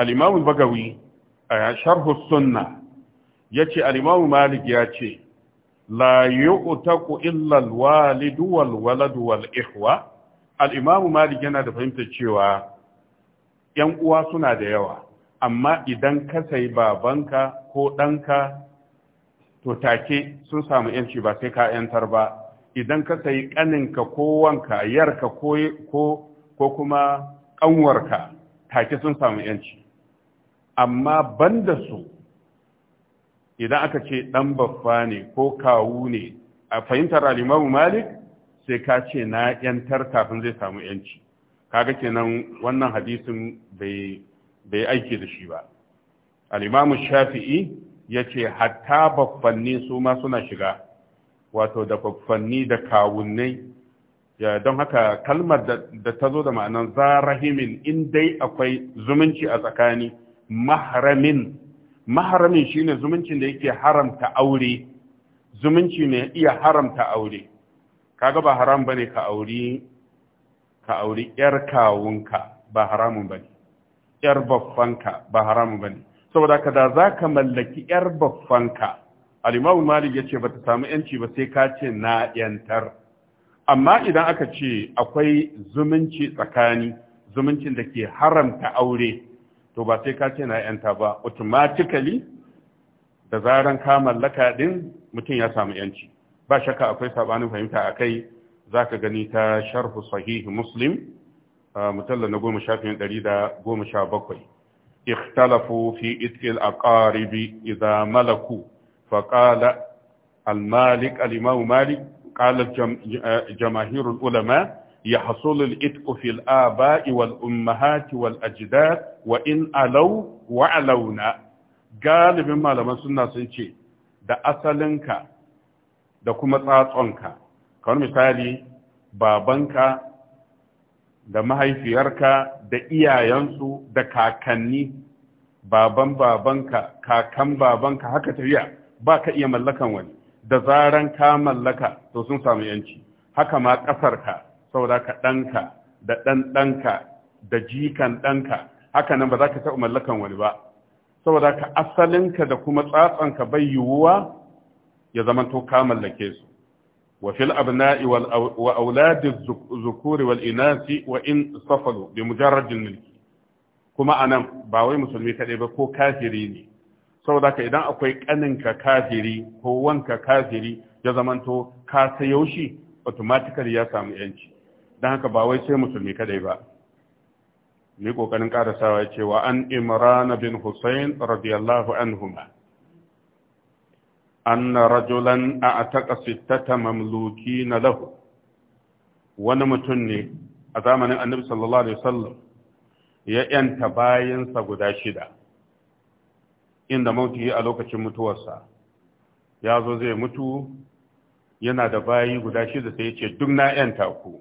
al-imam bagawi a sharh sunna yace al-imam malik yace la yu'taku illa al-walidu wal waladu wal ikhwa al malik yana da fahimtar cewa yan uwa suna da yawa amma idan ka sai babanka ko ɗanka to take sun samu yanci ba sai ka yantar ba idan ka sayi ƙaninka ko wanka yarka ko kuma ƙanwarka take sun samu yanci amma banda su idan aka ce dan baffa ne ko kawu ne a fahimtar alimamu malik sai ka ce na yantar kafin zai samu yanci kaga kenan wannan hadisin bai bai aiki da shi ba alimamu shafi'i ya ce hatta baffanni su ma suna shiga wato da baffanni da kawunnai don haka kalmar da ta zo da ma'anar za rahimin in dai akwai zumunci a tsakani mahramin mahramin shine zumuncin da yake haramta aure zumunci ne iya haramta aure kaga ba haram bane ka aure ka auri yar kawunka ba haramun bane yar baffanka ba haramun bane saboda ka da zaka mallaki yar baffanka al-Imam Malik yace bata samu yanci ba sai ka ce na yantar amma idan aka ce akwai zumunci tsakani zumuncin da ke haramta aure to ba sai ka ce na yanta ba automatically da zaran ka mallaka din mutum ya samu yanci ba shakka akwai sabanin fahimta a akai zaka gani ta sharhu sahih muslim mutalla na goma shafin ɗari da goma sha bakwai ikhtalafu fi itkil aqaribi idza malaku fa qala al malik al imam malik qala jamaahirul ulama يحصل الإتق wal الآباء wa in وإن ألو وعلونا Galibin malaman suna sun ce, da asalinka da kuma tsatsonka kamar misali babanka da mahaifiyarka da iyayensu da kakanni baban babanka kakan babanka haka tafiya ba ka iya mallakan wani da zaran ka mallaka to sun samu yanci haka ma ƙasarka saboda ka ɗanka da ɗan ɗanka da jikan ɗanka haka nan ba za ka taɓa mallakan wani ba saboda ka asalinka da kuma tsatsanka bai yiwuwa ya zama to ka mallake su wa fil abna'i wal wa auladi zukuri wal inasi wa in safalu bi mujarradin mulki. kuma anan ba wai musulmi kadai ba ko kafiri ne saboda ka idan akwai kaninka kafiri ko wanka kafiri ya zamanto ka sayo shi automatically ya samu yanci don haka ba wai sai musulmi kadai ba Ni kokarin karasawa cewa an imran bin husayn radiyallahu anhuma anna rajulan a'taqa sittata mamlukin lahu wani mutum ne a zamanin annabi sallallahu alaihi wasallam ya yanta bayansa guda shida inda mauti a lokacin mutuwarsa ya zo zai mutu yana da bayi guda shida sai ya ce duk na yanta ku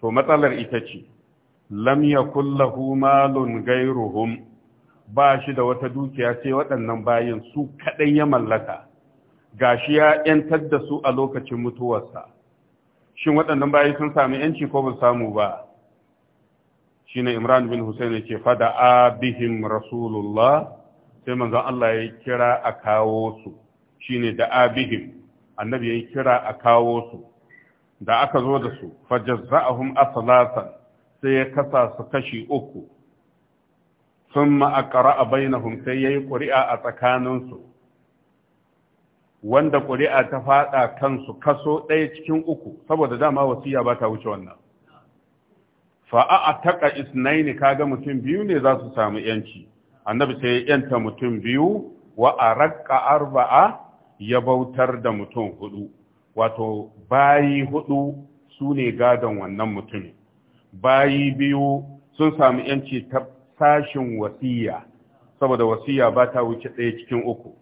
to matsalar ita ce lam ya kullahu malun gairuhum ba shi da wata dukiya sai waɗannan bayin su kaɗan ya mallaka Ga shi ya ‘yantar da su a lokacin mutuwarsa shin waɗannan bayan sun sami ‘yanci ko ba samu ba shi ne imran bin hussein ya ce fada a bihin rasulullah sai manzon Allah ya kira a kawo su shi ne da a bihin annabi ya kira a kawo su da aka zo da su fajazza'ahum asalatan sai ya kasa su kashi uku Sun ma'akara a bainahum sai yayi ƙuri'a a tsakaninsu. wanda ƙuri'a ta faɗa kansu kaso ɗaya cikin uku saboda dama wasiya ba ta wuce wannan fa a taka isnaini kaga mutum biyu ne za su samu yanci annabi sai ya yanta mutum biyu wa a arba'a ya bautar da mutum hudu wato bayi hudu su ne gadon wannan mutumin bayi biyu sun samu yanci ta sashin wasiya saboda wasiya ba ta wuce ɗaya cikin uku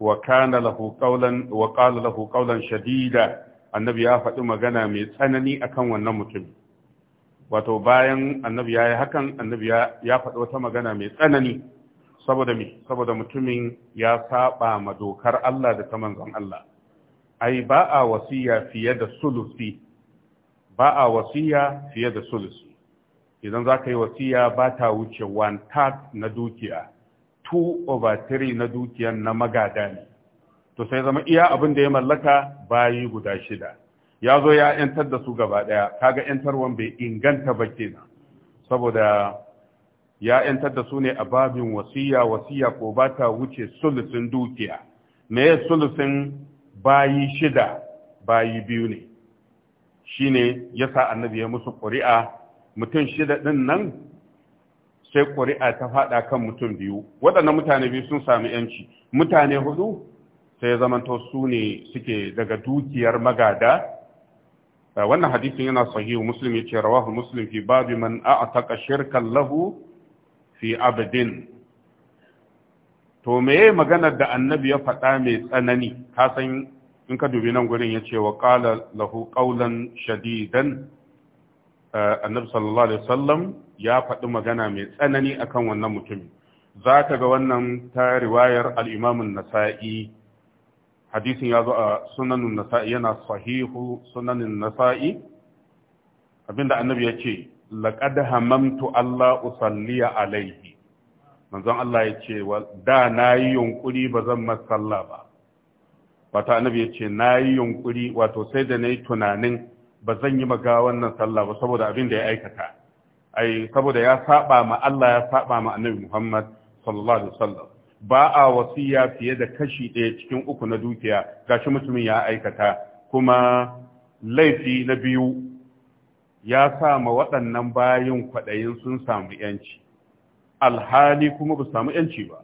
wa kana lahu qawlan wa shadida annabi ya faɗi magana mai tsanani akan wannan mutumin. wato bayan annabi ya yi hakan annabi ya faɗi wata magana mai tsanani saboda saboda mutumin ya saba ma dokar Allah da ta manzon Allah ai ba a wasiya fiye da sulusi ba a wasiya fiye da sulusi idan za ka yi wasiya ba ta wuce one third na dukiya two over three na dukiyan na magada ne to sai zama iya abin da ya mallaka bayi guda shida ya zo ya yantar da su gaba daya kaga yantarwan bai inganta ba kenan saboda ya yantar da su ne a babin wasiya wasiya ko ba ta wuce sulusin dukiya me sulusin bayi shida bayi biyu ne shi ya yasa annabi ya musu ƙuri'a mutum shida ɗin nan sai ƙuri'a ta faɗa kan mutum biyu waɗannan mutane biyu sun sami yanci mutane hudu sai ya zamanto su ne suke daga dukiyar magada eh, wannan hadisin yana sahihu muslim ce rawahu muslim fi babi man a'taqa shirkan lahu fi abdin to meye maganar da annabi ya faɗa mai tsanani ka san in ka dubi nan gurin ya ce wa ƙala lahu ƙaulan shadidan eh, annabi sallallahu alaihi wasallam ya faɗi magana mai tsanani akan wannan mutumin za ka ga wannan ta riwayar al'imamun nasa'i hadisin ya zo a sunanin nasa'i yana sahihu sunanin nasa'i abinda annabi ya ce laƙad hamamtu Allah usalliya alaihi manzon Allah ya ce da na yi yunkuri ba zan masalla ba wata annabi ya ce na yi yunkuri wato sai da na yi tunanin ba zan yi maga wannan sallah ba saboda abin da ya aikata ai saboda ya saba ma Allah ya saba ma annabi Muhammad sallallahu alaihi wasallam ba a wasiya fiye da kashi ɗaya cikin uku na dukiya gashi mutumin ya aikata kuma laifi na biyu ya sa ma waɗannan bayin kwaɗayin sun samu yanci alhali kuma ba samu yanci ba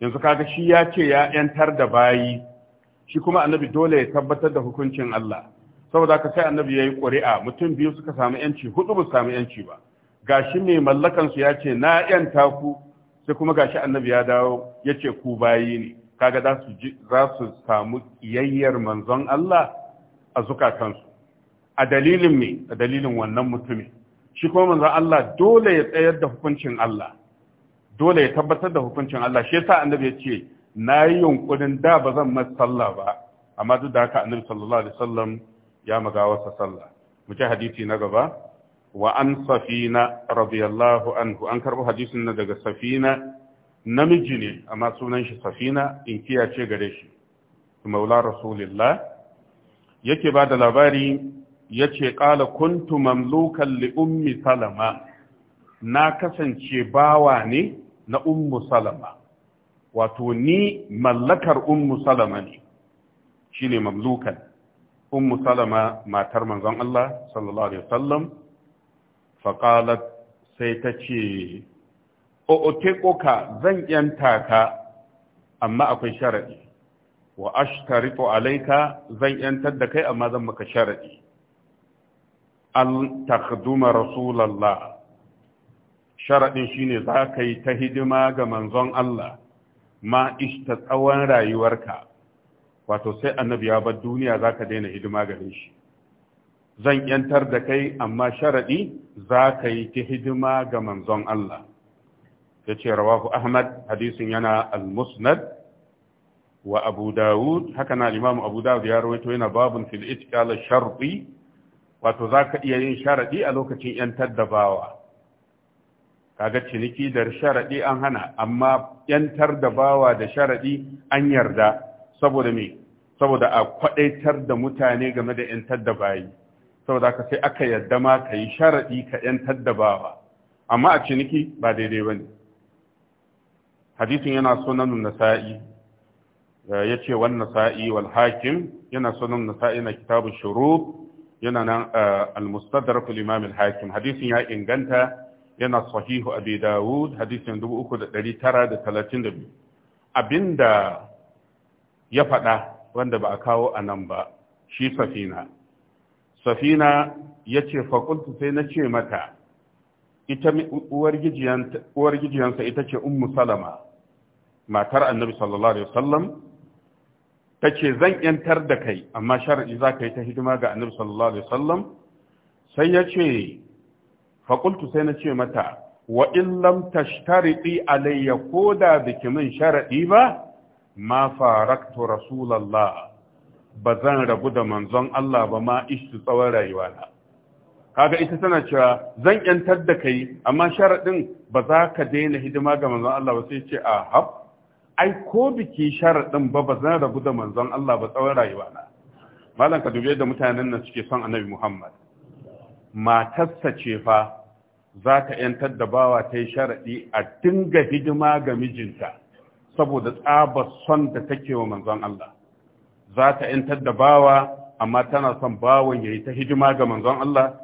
yanzu kaga shi ya ce ya yantar da bayi shi kuma annabi dole ya tabbatar da hukuncin Allah saboda haka sai annabi yayi ƙuri'a mutum biyu suka samu yanci hudu ba samu yanci ba gashi mai mallakan su ya ce na yanta ku sai kuma gashi annabi ya dawo ya ce ku bayi ne kaga za su za su samu kiyayyar manzon Allah a zukatansu a dalilin me a dalilin wannan mutumin shi kuma manzon Allah dole ya tsayar da hukuncin Allah dole ya tabbatar da hukuncin Allah shi yasa annabi ya ce na yi yunkurin da ba zan masa sallah ba amma duk da haka annabi sallallahu alaihi wasallam ya maga wasa sallah mu ci hadisi na gaba wa an safina radiyallahu anhu an karbo hadisin na daga safina namiji ne amma sunan shi safina in kiyace gare shi maula rasulillah yake ba da labari yace ƙala kuntu mamlukan li ummi salama na kasance bawa ne na ummu salama wato ni mallakar ummu salama ne ne mamlukan ummu salama matar manzon Allah sallallahu alaihi wasallam faqalat sai ta ce o'otekoka zan yanta ka amma akwai sharaɗi wa ashtaritu alaika zan yantar da kai amma zan maka sharaɗi an takduma rasulallah sharaɗin shine za ka yi ta hidima ga manzon Allah ma ishta tsawon rayuwarka wato sai annabi ya bar duniya za ka daina hidima gare shi zan yantar da kai amma sharaɗi za ka yi ta hidima ga manzon Allah ya ce rawahu ahmad hadisin yana al-musnad wa abu dawud haka na imamu abu dawud ya rawaito yana babun fil itqal sharti wato za ka iya yin sharaɗi a lokacin yan tardabawa Ka kaga ciniki da sharaɗi an hana amma yan tardabawa da sharaɗi an yarda saboda me saboda a kwaɗaitar da mutane game da yan tardabayi saboda ka sai aka yarda ma ka yi sharaɗi ka yan tardabawa amma a ciniki ba daidai ba ne hadisin yana sunan nasa'i eh, ya ce wannan sa'i wal hakim yana sunan nasa'i na kitabun shurub yana nan uh, al-mustadrak al al-hakim hadisin ya inganta yana sahihu abi dawud hadisin 3932 abinda ya faɗa wanda ba a kawo a nan ba shi safina safina ya ce fakultu sai na ce mata ita uwar gijiyansa ita ce ummu salama matar annabi sallallahu alaihi wasallam ta ce zan ‘yantar da kai amma sharaɗi za ka yi ta hidima ga annabi sallallahu alaihi wasallam sai ya ce faƙultu sai na ce mata wa illam tashtariɗi alayya ko da biki min sharaɗi ba ma faraktu rasulallah ba zan rabu da manzon Allah ba ma ishi tsawon rayuwana kaga ita tana cewa zan ‘yantar da kai amma sharaɗin ba za ka daina hidima ga manzon Allah ba sai ce a haf? ai ko biki sharaɗin ba ba zan rabu da manzon Allah ba tsawon rayuwa na malam ka dubi da mutanen nan suke son annabi Muhammad matarsa ce fa za ta yantar da bawa ta yi sharaɗi a dinga hidima ga mijinta saboda tsaba son da take wa manzon Allah za ta yantar da bawa amma tana son bawan yayi ta hidima ga manzon Allah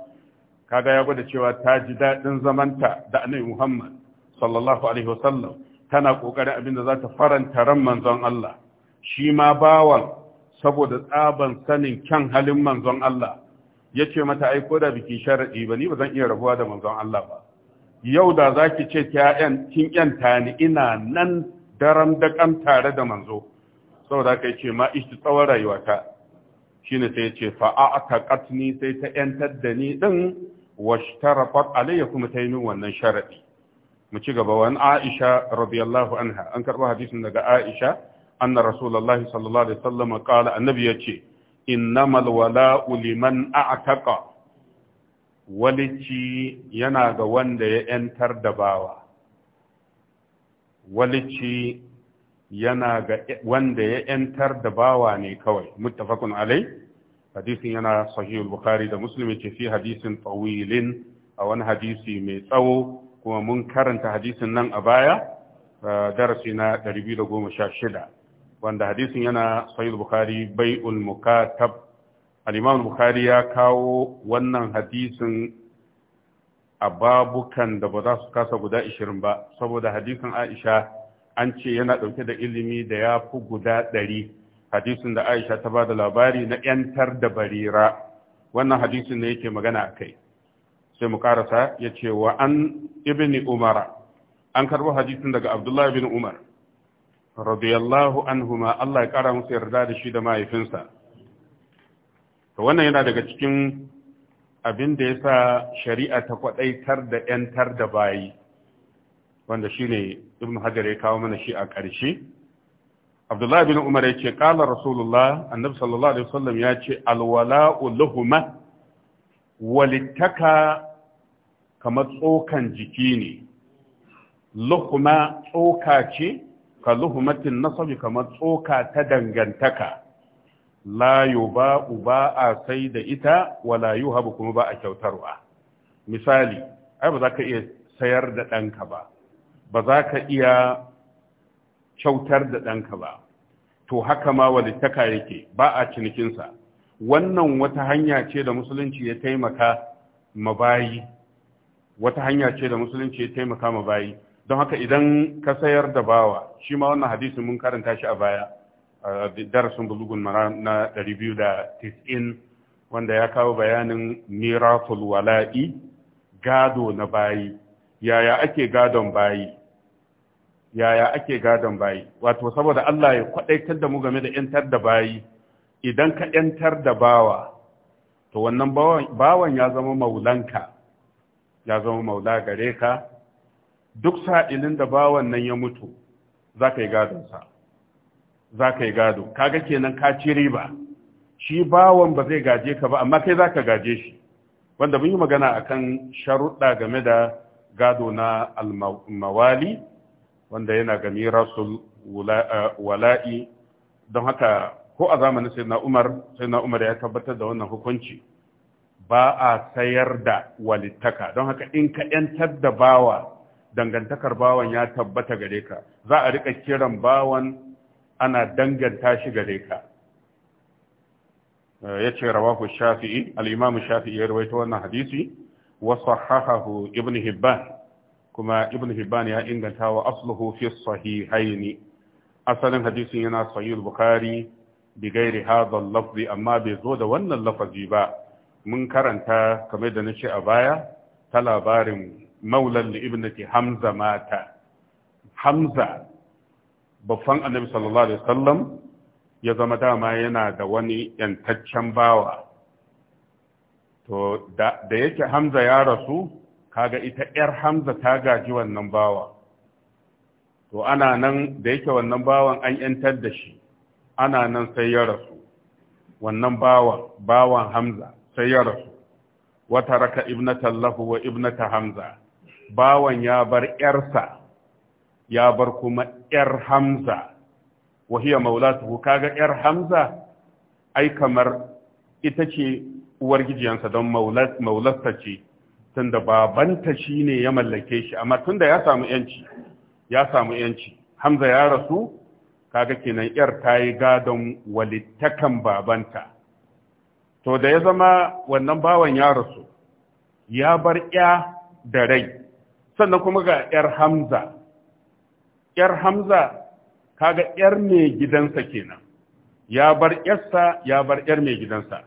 kaga ya gwada cewa ta ji daɗin zamanta da annabi Muhammad sallallahu alaihi wasallam tana ƙoƙarin abin da za ta faranta ran manzon Allah shi ma bawan saboda tsaban sanin kyan halin manzon Allah ya ce mata ai ko da biki sharaɗi ba ni ba zan iya rabuwa da manzon Allah ba yau da za ki ce kin yanta ni ina nan daram da tare da manzo saboda kai ce ma ishi tsawon rayuwata shine sai ce fa'a ni sai ta yantar da ni din washtara alayya kuma ta yi min wannan sharaɗi mu ci gaba wani aisha radiyallahu anha an karɓi hadisin daga aisha anna rasulullahi sallallahu alaihi wasallam qala annabi yace innamal wala'u liman a'taqa walici yana ga wanda ya yantar da bawa walici yana ga wanda ya yantar da bawa ne kawai muttafaqun alai hadisin yana sahihul bukhari da muslim yace fi hadisin tawilin a wani hadisi mai tsawo kuma mun karanta hadisin nan a baya darasi na 216 wanda hadisin yana sahih bukhari bai'ul mukatab al-imam bukhari ya kawo wannan hadisin a babukan da ba za su kasa guda 20 ba saboda hadisin Aisha an ce yana ɗauke da ilimi da ya fi guda ɗari. hadisin da Aisha ta ba da labari na yantar da barira wannan hadisin ne yake magana a kai sai mu karasa ya ce wa an ibni umara an karbi hadisin daga abdullahi bin umar radiyallahu anhuma Allah ya kara musu yarda da shi da mahaifinsa to wannan yana daga cikin abin da ya sa shari'a ta kwadaitar da 'yantar da bayi wanda shine ne ibn hajar ya kawo mana shi a ƙarshe abdullahi bin umar ya ce ƙala rasulullah annabi sallallahu alaihi wasallam ya ce alwala'u lahuma walittaka kamar tsokan jiki ne luhuma tsoka ce ka luhumatin nasabi kamar tsoka ta dangantaka la ba uba a sai da ita wala habu kuma ba a kyautarwa misali ai ba za ka iya sayar da ɗanka ba ba za ka iya kyautar da ɗanka ba to haka ma walittaka yake ba a cinikinsa wannan wata hanya ce da musulunci ya taimaka mabayi wata hanya ce da musulunci ya taimaka ma bayi don haka idan ka sayar da bawa shi ma wannan hadisin mun karanta shi a baya darasin bulugun mara na 290 wanda ya kawo bayanin miratul wala'i gado na bayi yaya ake gadon bayi yaya ake gadon bayi wato saboda Allah ya kwadaitar da mu game da yantar da bayi idan ka yantar da bawa to wannan bawan ya zama maulanka ya zama maula gare ka duk sa'ilin da bawan nan ya mutu za ka yi gadonsa za ka yi gado kaga kenan ka ci riba shi bawan ba zai gaje ka ba amma kai za ka gaje shi wanda mun yi magana a kan sharuɗa game da gado na almawali wanda yana gami rasul eh, wala'i don haka ko a zamanin sai na umar ya tabbatar da wannan hukunci ba a sayar da walittaka don haka in ka ‘yantar da bawa dangantakar bawan ya tabbata gare ka za a riƙa kiran bawan ana danganta shi gare ka eh, ya ce rawahu shafi'i al'imamu shafi'i ya rawaita wannan hadisi wasu hahahu ibn hibban kuma ibn hibban ya inganta wa asluhu fi sahihaini asalin hadisin yana sahih bukhari bi gairi hadha lafzi amma bai zo da wannan lafazi ba mun karanta kamar da na ce a baya ta labarin maulan ibnati hamza mata hamza babban annabi sallallahu alaihi wasallam ya zama dama yana da wani yantaccen bawa to da yake hamza ya rasu kaga ita yar hamza ta gaji wannan bawa to ana nan da yake wannan bawan an yantar da shi ana nan sai ya rasu wannan bawan bawan hamza sai ya rasu wata raka ibnatan lahu wa ibnata hamza bawan ya bar yarsa ya bar kuma yar hamza wa hiya maulatuhu kaga yar hamza ai kamar ita ce uwar gijiyansa don maulasta ce tunda babanta shine ya mallake shi amma tunda ya samu yanci ya samu yanci hamza ya rasu kaga kenan yar ta yi gadon walittakan babanta to da ya zama wannan bawan ya rasu ya bar ya da rai sannan kuma ga yar hamza yar hamza kaga yar mai gidansa kenan ya bar yarsa ya bar yar mai gidansa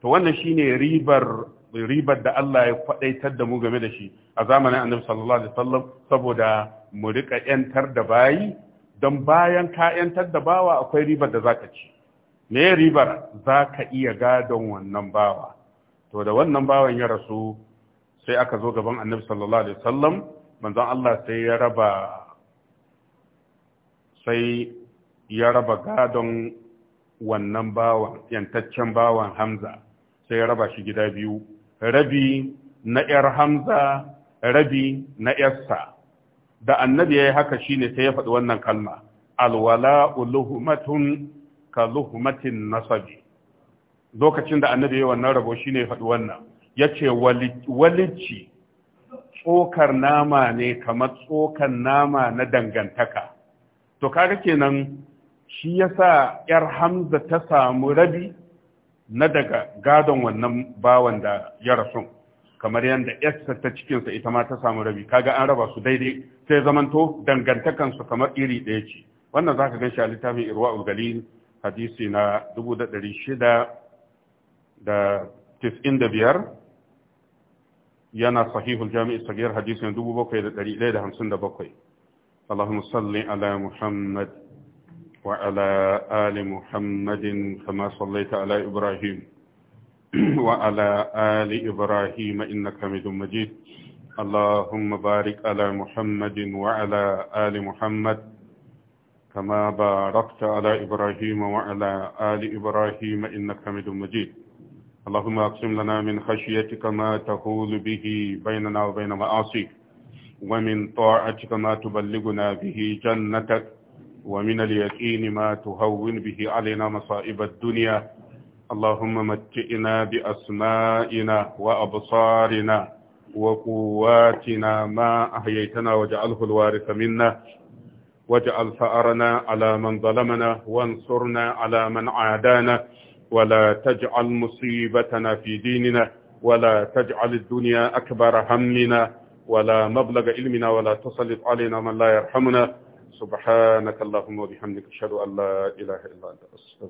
to wannan shine ribar ribar da Allah ya faɗaitar da mu game da shi a zamanin annabi sallallahu alaihi wasallam saboda mu rika yantar da bayi don bayan ka yantar da bawa akwai ribar da zaka ci me ribar za ka iya gadon wannan bawa to da wannan bawan ya rasu sai aka zo gaban annabi sallallahu alaihi wasallam manzon Allah sai ya raba sai ya raba gadon wannan bawan yantaccen bawan Hamza sai ya raba shi gida biyu rabi na ‘yar Hamza rabi na ‘yarsa da annabi yayi haka haka shine sai ya faɗi wannan kalma alwala uluhumatun ka nasabi lokacin da annabi ya wannan rabo shine faɗi wannan yace walici tsokar nama ne kamar tsokar nama na dangantaka to kaga kenan shi yasa yar Hamza ta samu rabi na daga gadon wannan bawan da ya rasu kamar yadda yarsa ta cikinsa ita ma ta samu rabi kaga an raba su daidai sai zamanto dangantakansu kamar iri ɗaya ce wannan zaka ka gan shi a littafin irwa galil hadisi na 695 yana sahihul jami'i sagir hadisi na 7157 Allahumma salli ala Muhammad wa ala ali Muhammadin kama sallaita ala Ibrahim wa ala ali Ibrahim innaka hamidum majid اللهم بارك على محمد وعلى آل محمد كما باركت على إبراهيم وعلى آل إبراهيم إنك حميد مجيد اللهم أقسم لنا من خشيتك ما تهول به بيننا وبين معاصيك ومن طاعتك ما تبلغنا به جنتك ومن اليقين ما تهون به علينا مصائب الدنيا اللهم متئنا بأسمائنا وأبصارنا وقواتنا ما أحييتنا وجعله الوارث منا واجعل ثأرنا على من ظلمنا وانصرنا على من عادانا ولا تجعل مصيبتنا في ديننا ولا تجعل الدنيا أكبر همنا ولا مبلغ علمنا ولا تسلط علينا من لا يرحمنا سبحانك اللهم وبحمدك اشهد ان لا اله الا انت استغفرك